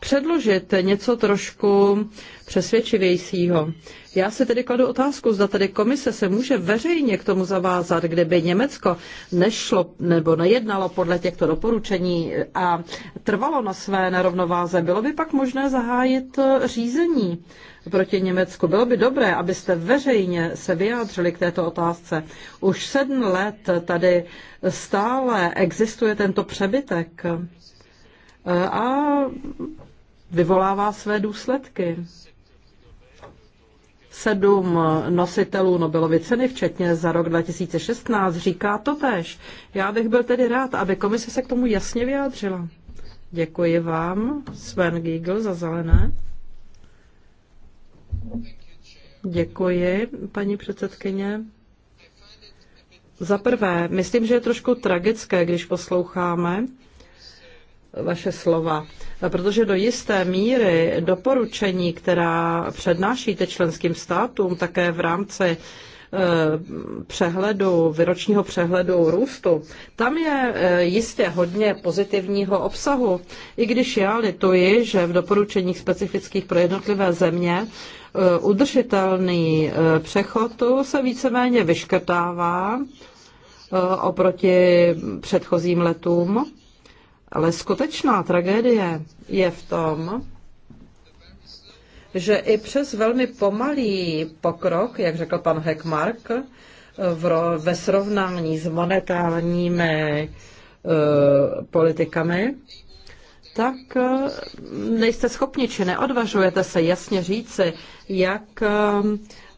předložit něco trošku přesvědčivějšího. Já si tedy kladu otázku, zda tedy komise se může veřejně k tomu zavázat, kdyby Německo nešlo nebo nejednalo podle těchto doporučení a trvalo na své nerovnováze. Bylo by pak možné zahájit řízení proti Německu. Bylo by dobré, abyste veřejně se vyjádřili k této otázce. Už sedm let tady stále existuje tento přebytek. A vyvolává své důsledky. Sedm nositelů Nobelovy ceny, včetně za rok 2016, říká to tež. Já bych byl tedy rád, aby komise se k tomu jasně vyjádřila. Děkuji vám, Sven Giegel, za zelené. Děkuji, paní předsedkyně. Za prvé, myslím, že je trošku tragické, když posloucháme vaše slova, protože do jisté míry doporučení, která přednášíte členským státům také v rámci eh, přehledu, výročního přehledu růstu, tam je eh, jistě hodně pozitivního obsahu, i když já lituji, že v doporučeních specifických pro jednotlivé země eh, udržitelný přechod se víceméně vyškrtává oproti předchozím letům ale skutečná tragédie je v tom, že i přes velmi pomalý pokrok, jak řekl pan Heckmark, v, ve srovnání s monetárními e, politikami, tak eh, nejste schopni či neodvažujete se jasně říci, jak eh,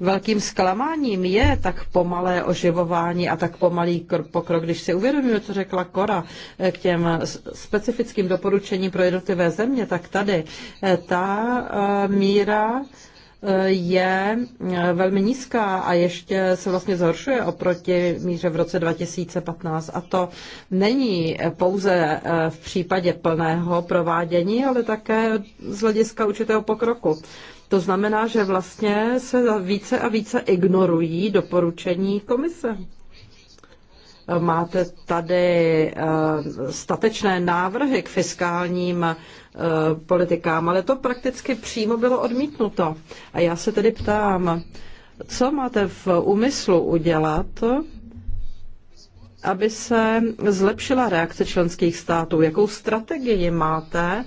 velkým zklamáním je tak pomalé oživování a tak pomalý pokrok, když si uvědomíme, co řekla Kora eh, k těm specifickým doporučením pro jednotlivé země, tak tady ta míra je eh, velmi nízká a ještě se vlastně zhoršuje oproti míře v roce 2015. A to není pouze eh, v případě plného provádění, ale také z hlediska určitého pokroku. To znamená, že vlastně se více a více ignorují doporučení komise. Máte tady eh, statečné návrhy k fiskálním eh, politikám, ale to prakticky přímo bylo odmítnuto. A já se tedy ptám, co máte v úmyslu udělat, aby se zlepšila reakce členských států? Jakou strategii máte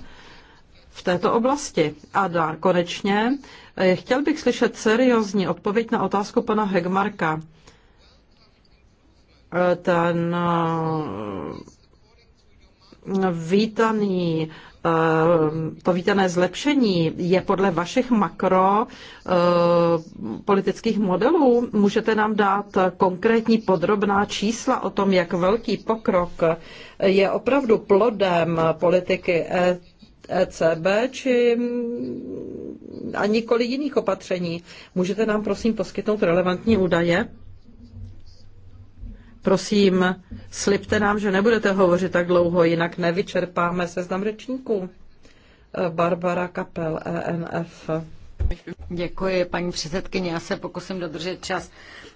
v této oblasti? A dá, konečně, eh, chtěl bych slyšet seriózní odpověď na otázku pana Hegmarka ten eh, vítaný eh, to vítané zlepšení je podle vašich makro eh, politických modelů. Můžete nám dát konkrétní podrobná čísla o tom, jak velký pokrok je opravdu plodem politiky ECB či mm, a nikoli jiných opatření. Můžete nám prosím poskytnout relevantní údaje? Prosím, slibte nám, že nebudete hovořit tak dlouho, jinak nevyčerpáme seznam řečníků. Eh, Barbara Kapel, ENF. Děkuji, paní předsedkyně. Já se pokusím dodržet čas.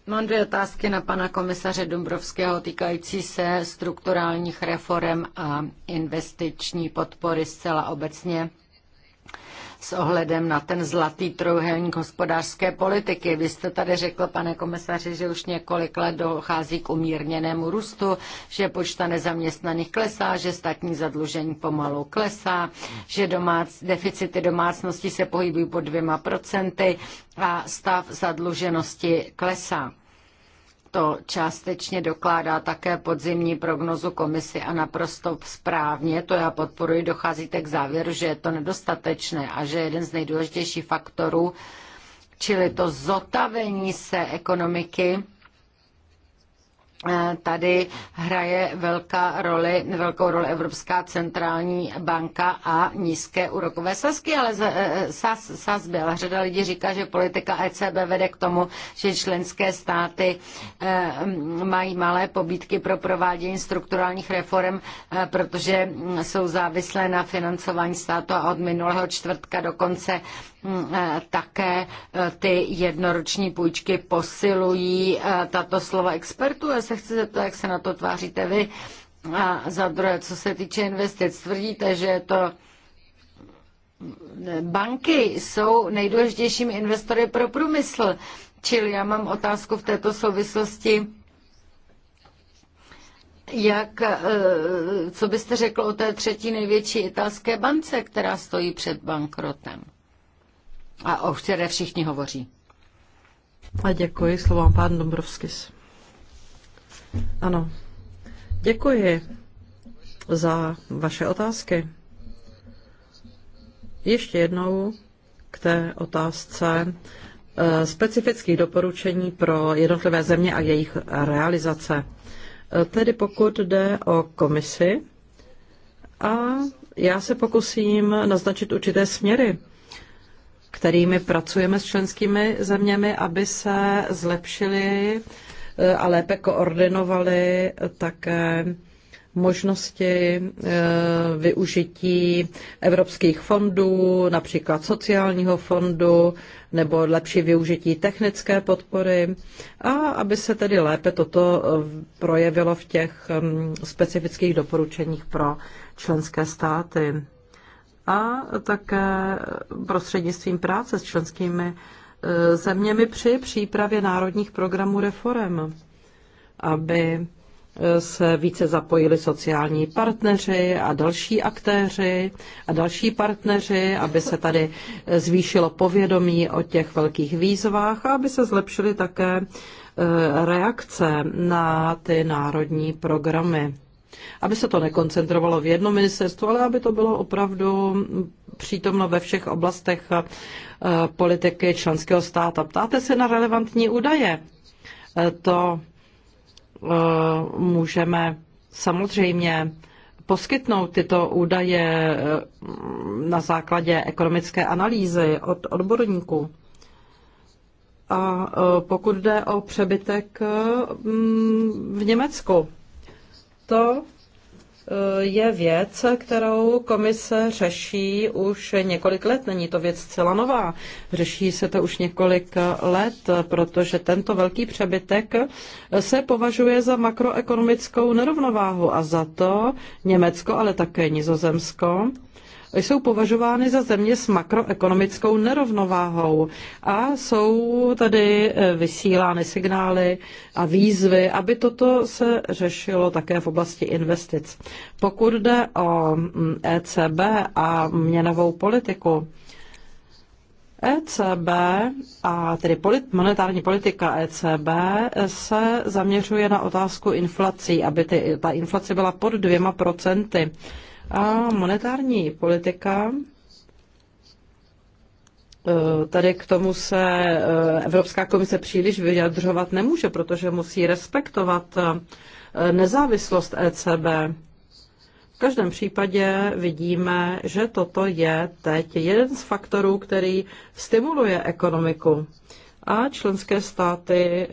Mám dvě otázky na pana komisaře Dombrovského týkající se strukturálních reform a investiční podpory zcela obecně s ohledem na ten zlatý trojuhelník hospodářské politiky. Vy jste tady řekl, pane komisaři, že už několik let dochází k umírněnému růstu, že počta nezaměstnaných klesá, že statní zadlužení pomalu klesá, že domác, deficity domácností se pohybují pod dvěma procenty a stav zadluženosti klesá. To částečně dokládá také podzimní prognozu komisy a naprosto správně, to já podporuji, docházíte k závěru, že je to nedostatečné a že jeden z nejdůležitějších faktorů, čili to zotavení se ekonomiky, Eh, tady hraje velká roli, velkou roli Evropská centrální banka a nízké úrokové sazky, ale eh, eh, saz, sazby. Ale řada lidí říká, že politika ECB vede k tomu, že členské státy mají malé pobídky pro provádění strukturálních reform, protože hm, jsou závislé na financování státu a od minulého čtvrtka dokonce hm, také ty jednoroční půjčky posilují tato slova expertů se chci zeptat, jak se na to tváříte vy. A za druhé, co se týče investic, tvrdíte, že to banky jsou nejdůležitějšími investory pro průmysl. Čili já mám otázku v této souvislosti. Jak, eh, co byste řekl o té třetí největší italské bance, která stojí před bankrotem? A o které všichni hovoří. A děkuji, slovo pan Dombrovskis. Ano. Děkuji za vaše otázky. Ještě jednou k té otázce eh, specifických doporučení pro jednotlivé země a jejich realizace. Eh, tedy pokud jde o komisi, a já se pokusím naznačit určité směry, kterými pracujeme s členskými zeměmi, aby se zlepšily E, a lépe koordinovali také možnosti e, využití evropských fondů, například sociálního fondu, nebo lepší využití technické podpory a aby se tedy lépe toto e, projevilo v těch specifických doporučeních pro členské státy. A také prostřednictvím práce s členskými E, zeměmi při přípravě národních programů reform, aby e, se více zapojili sociální partneři a další aktéři a další partneři, aby se tady zvýšilo povědomí o těch velkých výzvách a aby se zlepšily také e, reakce na ty národní programy. Aby se to nekoncentrovalo v jednom ministerstvu, ale aby to bylo opravdu přítomno ve všech oblastech eh, politiky členského státu. Ptáte se na relevantní údaje. Eh, to eh, můžeme samozřejmě poskytnout tyto údaje na základě ekonomické analýzy od odborníků. A pokud jde o přebytek v Německu, to eh, je věc, kterou komise řeší už několik let. Není to věc zcela nová. Řeší se to už několik let, protože tento velký přebytek se považuje za makroekonomickou nerovnováhu a za to Německo, ale také Nizozemsko jsou považovány za země s makroekonomickou nerovnováhou a jsou tady eh, vysílány signály a výzvy, aby toto se řešilo také v oblasti investic. Pokud jde o mm, ECB a měnovou politiku, ECB, a tedy polit, monetární politika ECB, se zaměřuje na otázku inflací, aby ty, ta inflace byla pod dvěma procenty. A monetární politika e, Tady k tomu se e, Evropská komise příliš vyjadřovat nemůže, protože musí respektovat e, nezávislost ECB. V každém případě vidíme, že toto je teď jeden z faktorů, který stimuluje ekonomiku a členské státy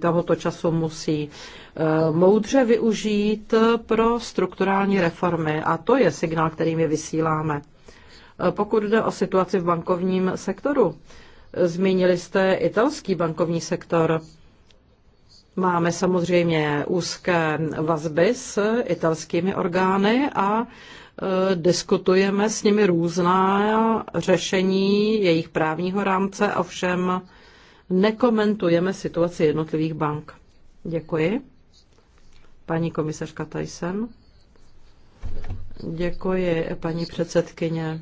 tohoto času musí e, moudře využít pro strukturální reformy a to je signál, který my vysíláme. E, pokud jde o situaci v bankovním sektoru, zmínili jste italský bankovní sektor. Máme samozřejmě úzké vazby s italskými orgány a Eh, diskutujeme s nimi různá řešení jejich právního rámce, ovšem nekomentujeme situaci jednotlivých bank. Děkuji. Paní komisařka Tyson. Děkuji, paní předsedkyně.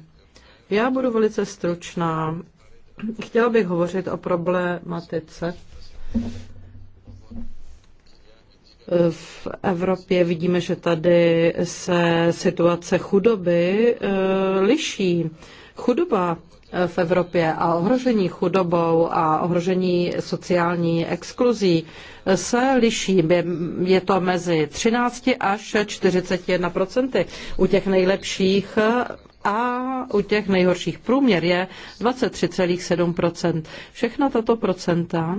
Já budu velice stručná. Chtěla bych hovořit o problematice v Evropě vidíme, že tady se situace chudoby eh, liší. Chudoba eh, v Evropě a ohrožení chudobou a ohrožení sociální exkluzí eh, se liší. Je to mezi 13 až 41 procenty u těch nejlepších a u těch nejhorších průměr je 23,7 Všechna tato procenta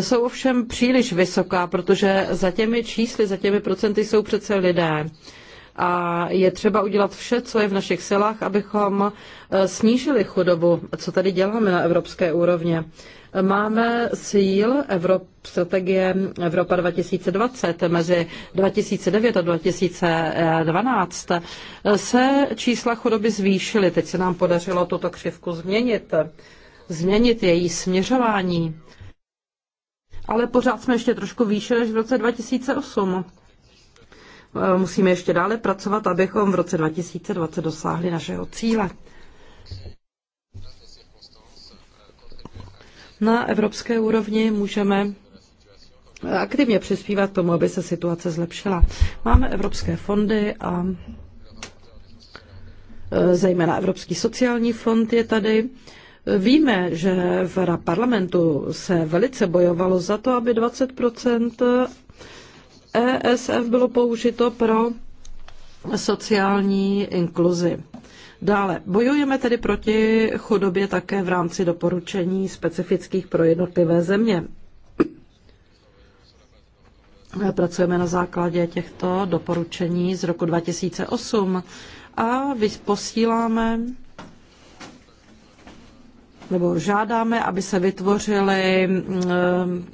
jsou ovšem příliš vysoká, protože za těmi čísly, za těmi procenty jsou přece lidé. A je třeba udělat vše, co je v našich silách, abychom eh, snížili chudobu, co tady děláme na evropské úrovně. Máme cíl Evrop, strategie Evropa 2020 mezi 2009 a 2012 se čísla chudoby zvýšily. Teď se nám podařilo tuto křivku změnit, změnit její směřování ale pořád jsme ještě trošku výše než v roce 2008. E, musíme ještě dále pracovat, abychom v roce 2020 dosáhli našeho cíle. Na evropské úrovni můžeme e, aktivně přispívat tomu, aby se situace zlepšila. Máme evropské fondy a e, zejména Evropský sociální fond je tady. Víme, že v parlamentu se velice bojovalo za to, aby 20 ESF bylo použito pro sociální inkluzi. Dále bojujeme tedy proti chudobě také v rámci doporučení specifických pro jednotlivé země. Pracujeme na základě těchto doporučení z roku 2008 a posíláme nebo žádáme, aby se vytvořily mm,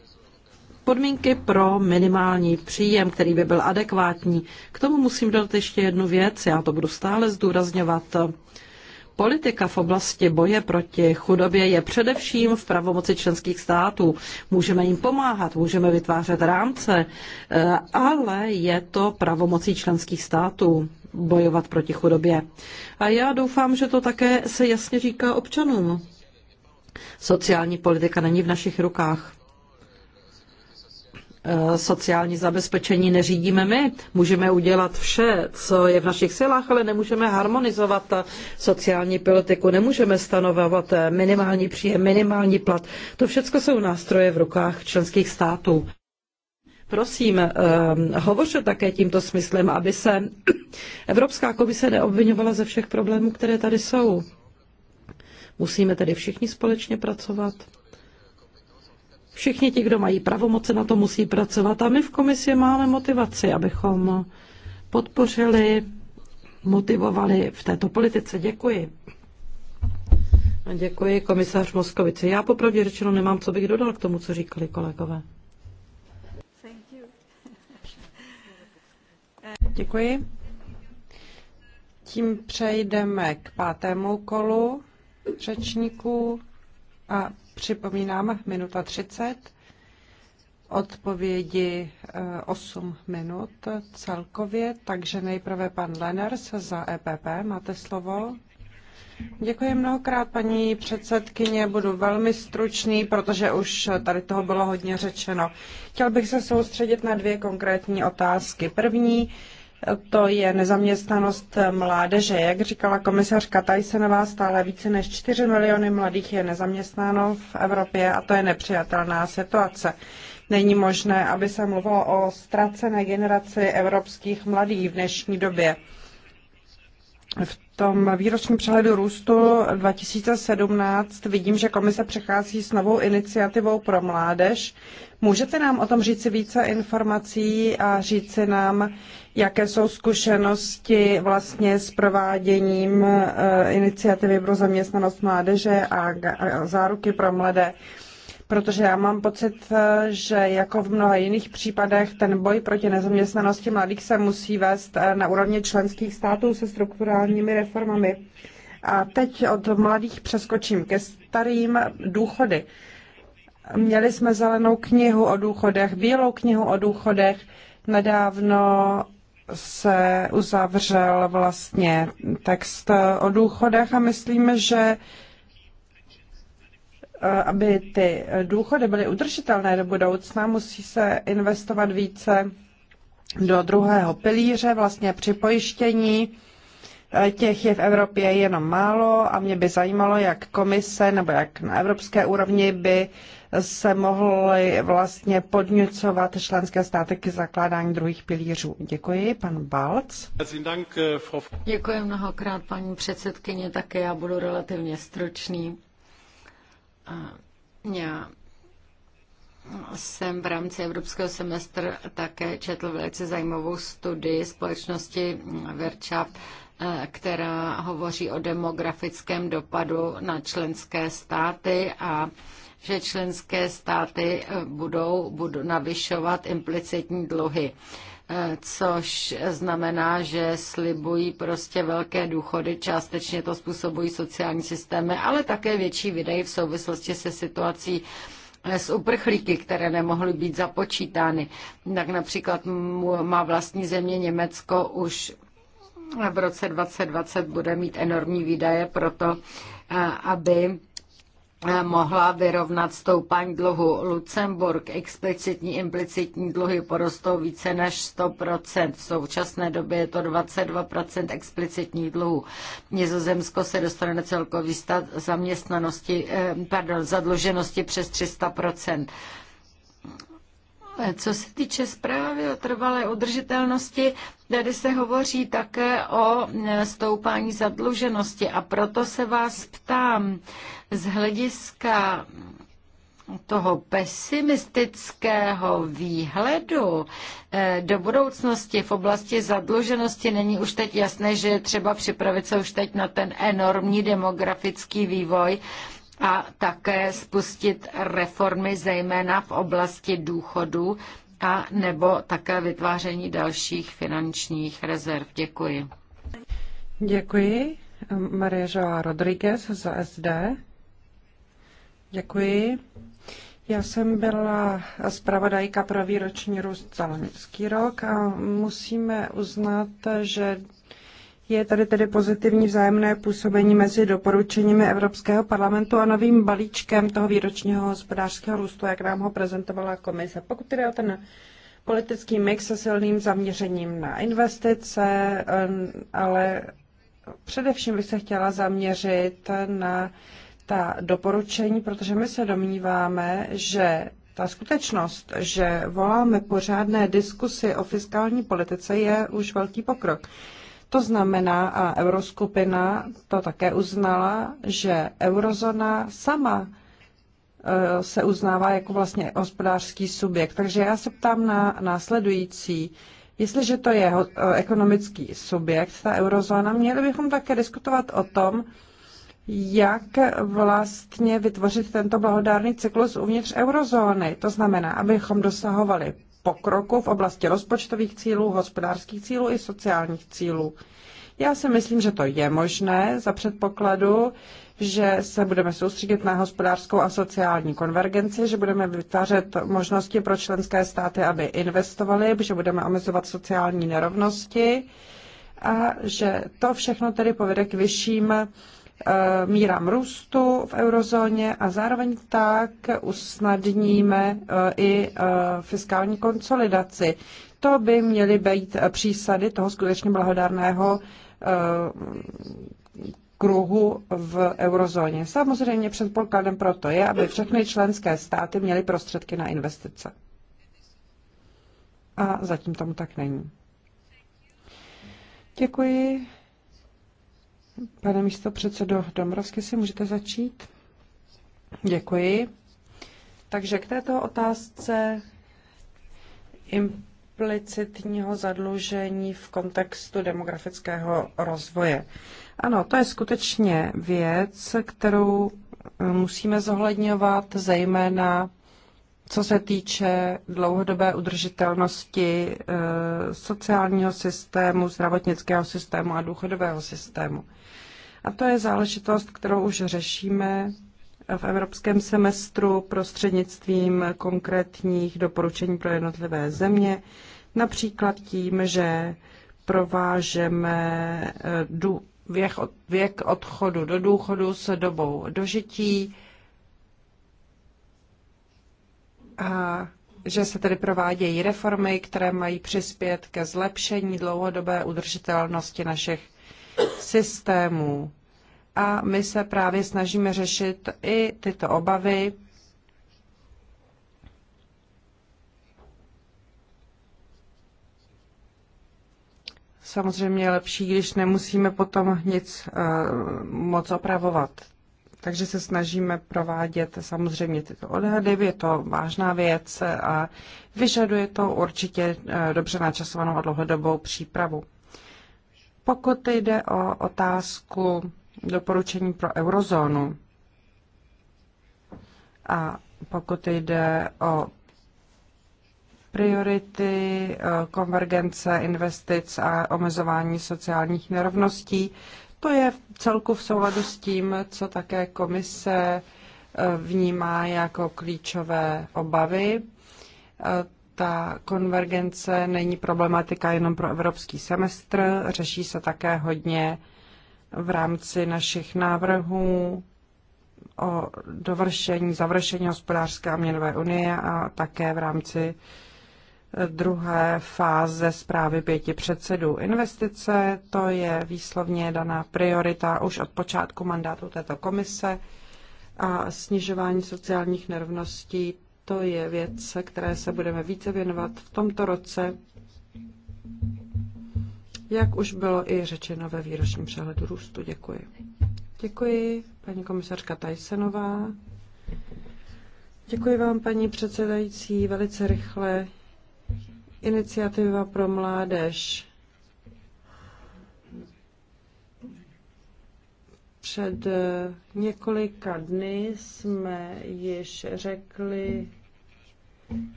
podmínky pro minimální příjem, který by byl adekvátní. K tomu musím dodat ještě jednu věc, já to budu stále zdůrazňovat. Politika v oblasti boje proti chudobě je především v pravomoci členských států. Můžeme jim pomáhat, můžeme vytvářet rámce, eh, ale je to pravomocí členských států bojovat proti chudobě. A já doufám, že to také se jasně říká občanům. Sociální politika není v našich rukách e, sociální zabezpečení neřídíme my. Můžeme udělat vše, co je v našich silách, ale nemůžeme harmonizovat sociální politiku, nemůžeme stanovovat e, minimální příjem, minimální plat. To všechno jsou nástroje v rukách členských států. Prosím, e, hovořte také tímto smyslem, aby se Evropská komise neobvinovala ze všech problémů, které tady jsou. Musíme tedy všichni společně pracovat. Všichni ti, kdo mají pravomoce, na to musí pracovat. A my v komisi máme motivaci, abychom podpořili, motivovali v této politice. Děkuji. děkuji, komisař Moskovici. Já popravdě řečeno nemám, co bych dodal k tomu, co říkali kolegové. *laughs* Děkuji. Tím přejdeme k pátému kolu řečníků a připomínám minuta 30, odpovědi 8 eh, minut celkově, takže nejprve pan Leners za EPP, máte slovo. Děkuji mnohokrát, paní předsedkyně. Budu velmi stručný, protože už tady toho bylo hodně řečeno. Chtěl bych se soustředit na dvě konkrétní otázky. První, to je nezaměstnanost mládeže. Jak říkala komisařka Tysonová, stále více než 4 miliony mladých je nezaměstnáno v Evropě a to je nepřijatelná situace. Není možné, aby se mluvilo o ztracené generaci evropských mladých v dnešní době. V tom výročním přehledu růstu 2017 vidím, že komise přechází s novou iniciativou pro mládež. Můžete nám o tom říci více informací a říci nám, jaké jsou zkušenosti vlastně s prováděním eh, iniciativy pro zaměstnanost mládeže a záruky pro mladé. Protože já mám pocit, eh, že jako v mnoha jiných případech ten boj proti nezaměstnanosti mladých se musí vést eh, na úrovni členských států se strukturálními reformami. A teď od mladých přeskočím ke starým důchody. Měli jsme zelenou knihu o důchodech, bílou knihu o důchodech, nedávno se uzavřel vlastně text o důchodech a myslíme, že eh, aby ty důchody byly udržitelné do budoucna, musí se investovat více do druhého pilíře, vlastně připojištění. Eh, těch je v Evropě jenom málo a mě by zajímalo, jak komise nebo jak na evropské úrovni by se mohly vlastně podněcovat členské státy k zakládání druhých pilířů. Děkuji, pan Balc. Děkuji mnohokrát, paní předsedkyně, také já budu relativně stručný. Já jsem v rámci evropského semestru také četl velice zajímavou studii společnosti Verčaft, eh, která hovoří o demografickém dopadu na členské státy a že členské státy eh, budou, budou navyšovat implicitní dluhy eh, což znamená, že slibují prostě velké důchody, částečně to způsobují sociální systémy, ale také větší výdaje v souvislosti se situací eh, s uprchlíky, které nemohly být započítány. Tak například má vlastní země Německo už v roce 2020 bude mít enormní výdaje proto, aby mohla vyrovnat stoupání dluhu. Lucemburg explicitní, implicitní dluhy porostou více než 100%. V současné době je to 22% explicitních dluhů. Nizozemsko se dostane na celkový stav zaměstnanosti, eh, pardon, zadluženosti přes 300%. Eh, co se týče zprávy o trvalé udržitelnosti, tady se hovoří také o eh, stoupání zadluženosti a proto se vás ptám z hlediska toho pesimistického výhledu eh, do budoucnosti v oblasti zadluženosti není už teď jasné, že je třeba připravit se už teď na ten enormní demografický vývoj a také spustit reformy zejména v oblasti důchodu a nebo také vytváření dalších finančních rezerv. Děkuji. Děkuji. Maria Joa Rodriguez za SD. Děkuji. Já jsem byla zpravodajka pro výroční růst za loňský rok a musíme uznat, že je tady tedy pozitivní vzájemné působení mezi doporučeními Evropského parlamentu a novým balíčkem toho výročního hospodářského růstu, jak nám ho prezentovala komise. Pokud tedy o ten politický mix se silným zaměřením na investice, ale především bych se chtěla zaměřit na ta doporučení, protože my se domníváme, že ta skutečnost, že voláme pořádné diskusy o fiskální politice, je už velký pokrok. To znamená, a euroskupina to také uznala, že eurozona sama e, se uznává jako vlastně hospodářský subjekt. Takže já se ptám na následující. Jestliže to je e, ekonomický subjekt, ta eurozóna, měli bychom také diskutovat o tom, jak vlastně vytvořit tento blahodárný cyklus uvnitř eurozóny. To znamená, abychom dosahovali pokroku v oblasti rozpočtových cílů, hospodářských cílů i sociálních cílů. Já si myslím, že to je možné za předpokladu, že se budeme soustředit na hospodářskou a sociální konvergenci, že budeme vytvářet možnosti pro členské státy, aby investovaly, že budeme omezovat sociální nerovnosti a že to všechno tedy povede k vyšším Eh, mírám růstu v eurozóně a zároveň tak usnadníme eh, i eh, fiskální konsolidaci. To by měly být přísady toho skutečně blahodárného kruhu v eurozóně. Samozřejmě předpokladem proto je, aby všechny členské státy měly prostředky na investice. A zatím tomu tak není. Děkuji. Pane místo předsedo Domrovsky, si můžete začít? Děkuji. Takže k této otázce implicitního zadlužení v kontextu demografického rozvoje. Ano, to je skutečně věc, kterou eh, musíme zohledňovat, zejména co se týče dlouhodobé udržitelnosti eh, sociálního systému, zdravotnického systému a důchodového systému. A to je záležitost, kterou už řešíme v evropském semestru prostřednictvím konkrétních doporučení pro jednotlivé země, například tím, že provážeme eh, věk, odchodu do důchodu s dobou dožití a že se tedy provádějí reformy, které mají přispět ke zlepšení dlouhodobé udržitelnosti našich systémů. A my se právě snažíme řešit i tyto obavy. Samozřejmě je lepší, když nemusíme potom nic uh, moc opravovat. Takže se snažíme provádět samozřejmě tyto odhady, je to vážná věc a vyžaduje to určitě eh, dobře načasovanou a dlouhodobou přípravu. Pokud jde o otázku doporučení pro eurozónu a pokud jde o priority eh, konvergence investic a omezování sociálních nerovností, to je v celku v souladu s tím, co také komise eh, vnímá jako klíčové obavy. Eh, ta konvergence není problematika jenom pro evropský semestr, řeší se také hodně v rámci našich návrhů o dovršení, završení hospodářské a měnové unie a také v rámci druhé fáze zprávy pěti předsedů. Investice, to je výslovně daná priorita už od počátku mandátu této komise a snižování sociálních nerovností, to je věc, které se budeme více věnovat v tomto roce, jak už bylo i řečeno ve výročním přehledu růstu. Děkuji. Děkuji, paní komisařka Tajsenová. Děkuji vám, paní předsedající, velice rychle. Iniciativa pro mládež. Před eh, několika dny jsme již řekli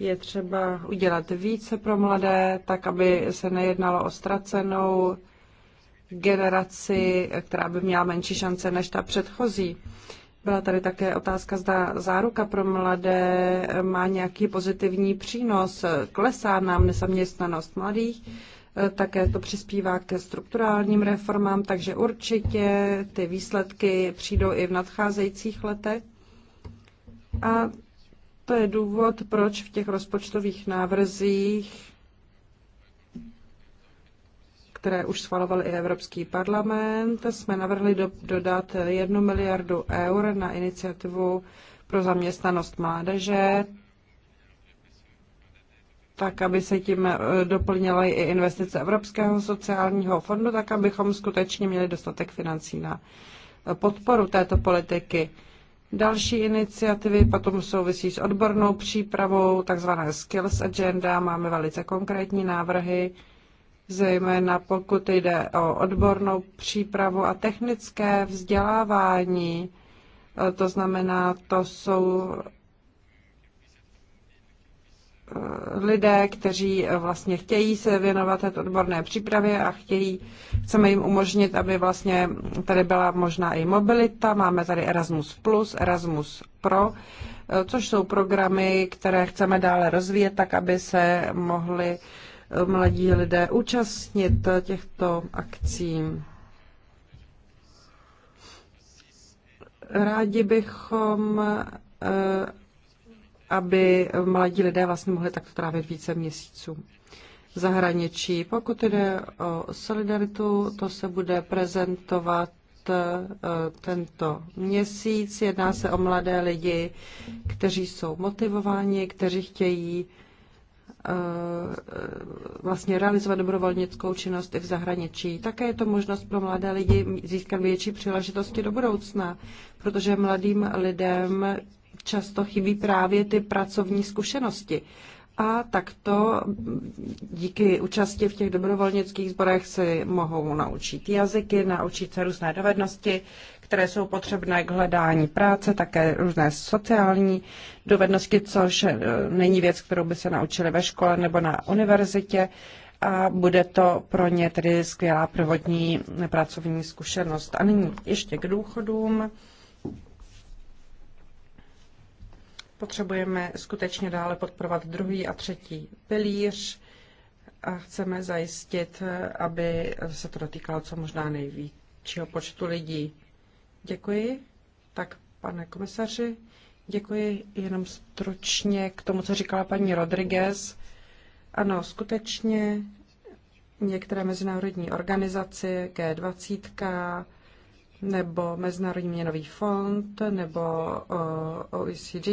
je třeba udělat více pro mladé, tak aby se nejednalo o ztracenou generaci, která by měla menší šance než ta předchozí. Byla tady také otázka, zda záruka pro mladé má nějaký pozitivní přínos. Klesá nám nezaměstnanost mladých, také to přispívá ke strukturálním reformám, takže určitě ty výsledky přijdou i v nadcházejících letech. A to je důvod, proč v těch rozpočtových návrzích, které už schvaloval i Evropský parlament, jsme navrhli do, dodat 1 miliardu eur na iniciativu pro zaměstnanost mládeže, tak aby se tím eh, doplnily i investice Evropského sociálního fondu, tak abychom skutečně měli dostatek financí na podporu této politiky. Další iniciativy potom souvisí s odbornou přípravou, takzvané Skills Agenda. Máme velice konkrétní návrhy, zejména pokud jde o odbornou přípravu a technické vzdělávání. E, to znamená, to jsou lidé, kteří eh, vlastně chtějí se věnovat této odborné přípravě a chtějí, chceme jim umožnit, aby vlastně tady byla možná i mobilita. Máme tady Erasmus+, plus, Erasmus Pro, eh, což jsou programy, které chceme dále rozvíjet, tak aby se mohli eh, mladí lidé účastnit těchto akcí. Rádi bychom aby mladí lidé vlastně mohli takto trávit více měsíců v zahraničí. Pokud jde o solidaritu, to se bude prezentovat eh, tento měsíc. Jedná se o mladé lidi, kteří jsou motivováni, kteří chtějí eh, vlastně realizovat dobrovolnickou činnost i v zahraničí. Také je to možnost pro mladé lidi získat větší příležitosti do budoucna, protože mladým lidem často chybí právě ty pracovní zkušenosti. A takto díky účasti v těch dobrovolnických sborech si mohou naučit jazyky, naučit se různé dovednosti, které jsou potřebné k hledání práce, také různé sociální dovednosti, což eh, není věc, kterou by se naučili ve škole nebo na univerzitě a bude to pro ně tedy skvělá prvotní pracovní zkušenost. A nyní ještě k důchodům. Potřebujeme skutečně dále podporovat druhý a třetí pilíř a chceme zajistit, aby se to dotýkalo co možná největšího počtu lidí. Děkuji. Tak, pane komisaři, děkuji jenom stručně k tomu, co říkala paní Rodriguez. Ano, skutečně některé mezinárodní organizace, G20, nebo Mezinárodní měnový fond nebo OECD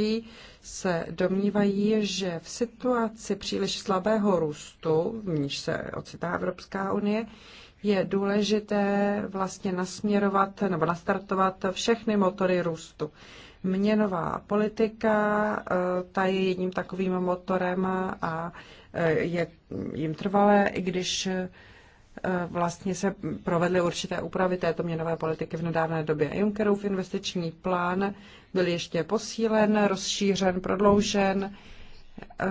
se domnívají, že v situaci příliš slabého růstu, v níž se ocitá Evropská unie, je důležité vlastně nasměrovat nebo nastartovat všechny motory růstu. Měnová politika, e, ta je jedním takovým motorem a e, je jim trvalé, i když Eh, vlastně se provedly určité úpravy této měnové politiky v nedávné době. Junckerův investiční plán byl ještě posílen, rozšířen, prodloužen. Eh,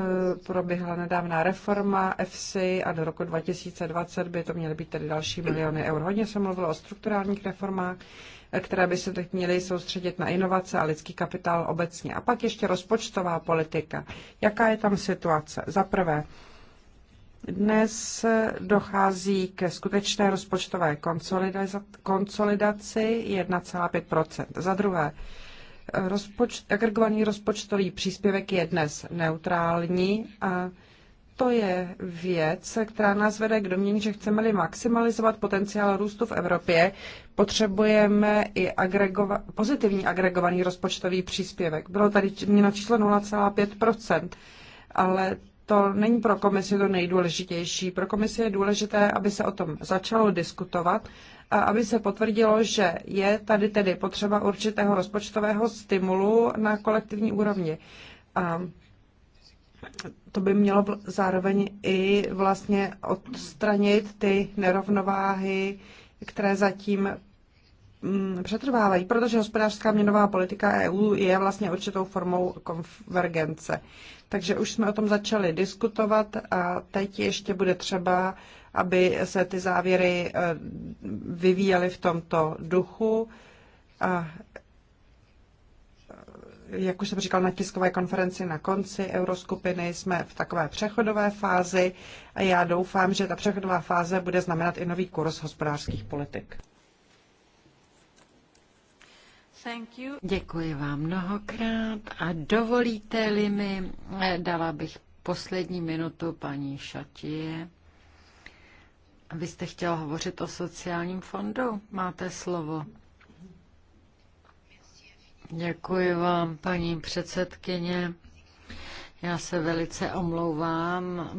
proběhla nedávná reforma EFSI a do roku 2020 by to měly být tedy další miliony eur. Hodně se mluvilo o strukturálních reformách, eh, které by se teď měly soustředit na inovace a lidský kapitál obecně. A pak ještě rozpočtová politika. Jaká je tam situace? Za prvé, dnes dochází ke skutečné rozpočtové konsolidaci 1,5 Za druhé, rozpočt, agregovaný rozpočtový příspěvek je dnes neutrální a to je věc, která nás vede k domění, že chceme-li maximalizovat potenciál růstu v Evropě, potřebujeme i agregova- pozitivní agregovaný rozpočtový příspěvek. Bylo tady na číslo 0,5 ale to není pro komisi to nejdůležitější. Pro komisi je důležité, aby se o tom začalo diskutovat a aby se potvrdilo, že je tady tedy potřeba určitého rozpočtového stimulu na kolektivní úrovni. A to by mělo zároveň i vlastně odstranit ty nerovnováhy, které zatím mm, přetrvávají, protože hospodářská měnová politika EU je vlastně určitou formou konvergence. Takže už jsme o tom začali diskutovat a teď ještě bude třeba, aby se ty závěry eh, vyvíjely v tomto duchu. A eh, jak už jsem říkal na tiskové konferenci na konci euroskupiny, jsme v takové přechodové fázi a já doufám, že ta přechodová fáze bude znamenat i nový kurz hospodářských politik. Děkuji vám mnohokrát a dovolíte-li mi, eh, dala bych poslední minutu paní Šatě. Vy jste chtěla hovořit o sociálním fondu? Máte slovo. Děkuji vám, paní předsedkyně. Já se velice omlouvám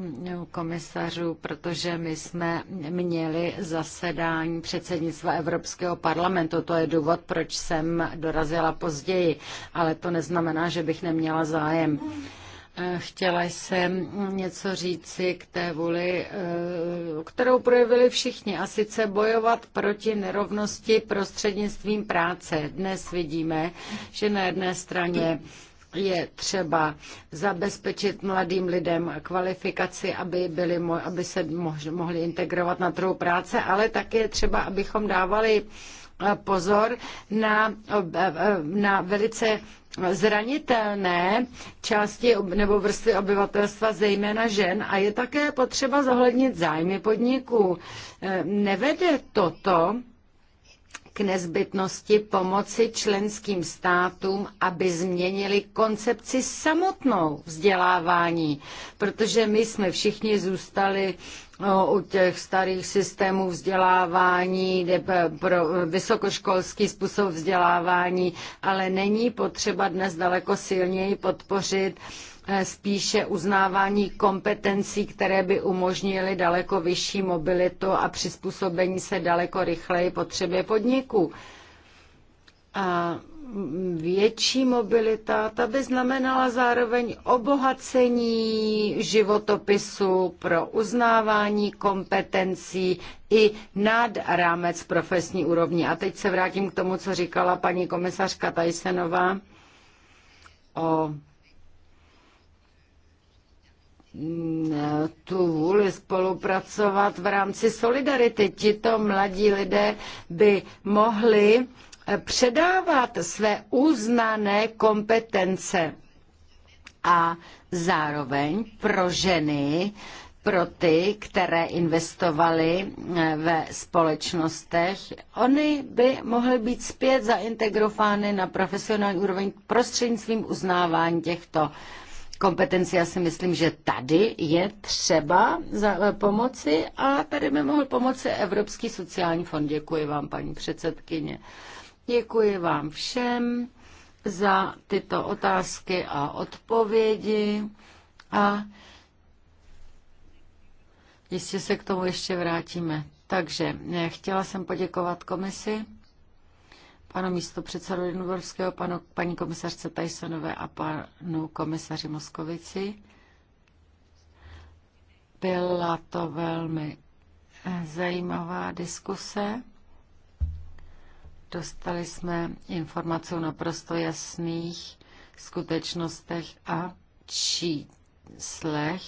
komisařů, protože my jsme měli zasedání předsednictva Evropského parlamentu. To je důvod, proč jsem dorazila později, ale to neznamená, že bych neměla zájem. Chtěla jsem něco říci k té vůli, eh, kterou projevili všichni, a sice bojovat proti nerovnosti prostřednictvím práce. Dnes vidíme, že na jedné straně je třeba zabezpečit mladým lidem kvalifikaci, aby, byli, aby se mohli integrovat na trhu práce, ale také třeba, abychom dávali eh, pozor na, eh, eh, na velice zranitelné části nebo vrstvy obyvatelstva, zejména žen, a je také potřeba zohlednit zájmy podniků. Nevede toto k nezbytnosti pomoci členským státům, aby změnili koncepci samotnou vzdělávání, protože my jsme všichni zůstali No, u těch starých systémů vzdělávání, pro vysokoškolský způsob vzdělávání, ale není potřeba dnes daleko silněji podpořit Eh, spíše uznávání kompetencí, které by umožnily daleko vyšší mobilitu a přizpůsobení se daleko rychleji potřebě podniků. A větší mobilita, ta by znamenala zároveň obohacení životopisu pro uznávání kompetencí i nad rámec profesní úrovně. A teď se vrátím k tomu, co říkala paní komisařka Tajsenová o tu vůli spolupracovat v rámci solidarity. Tito mladí lidé by mohli eh, předávat své uznané kompetence. A zároveň pro ženy, pro ty, které investovaly eh, ve společnostech, oni by mohly být zpět zaintegrovány na profesionální úroveň prostřednictvím uznávání těchto uh, kompetenci. Já si myslím, že tady je třeba za, eh, pomoci a tady by mohl pomoci Evropský sociální fond. Děkuji vám, paní předsedkyně. Děkuji vám všem za tyto otázky a odpovědi a jistě se k tomu ještě vrátíme. Takže eh, chtěla jsem poděkovat komisi pana místo předsedu Jednoborského, panu, paní komisařce Tysonové a panu komisaři Moskovici. Byla to velmi eh, zajímavá diskuse. Dostali jsme informace o naprosto jasných skutečnostech a číslech.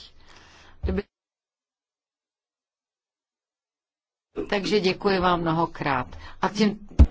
Takže děkuji vám mnohokrát. A tím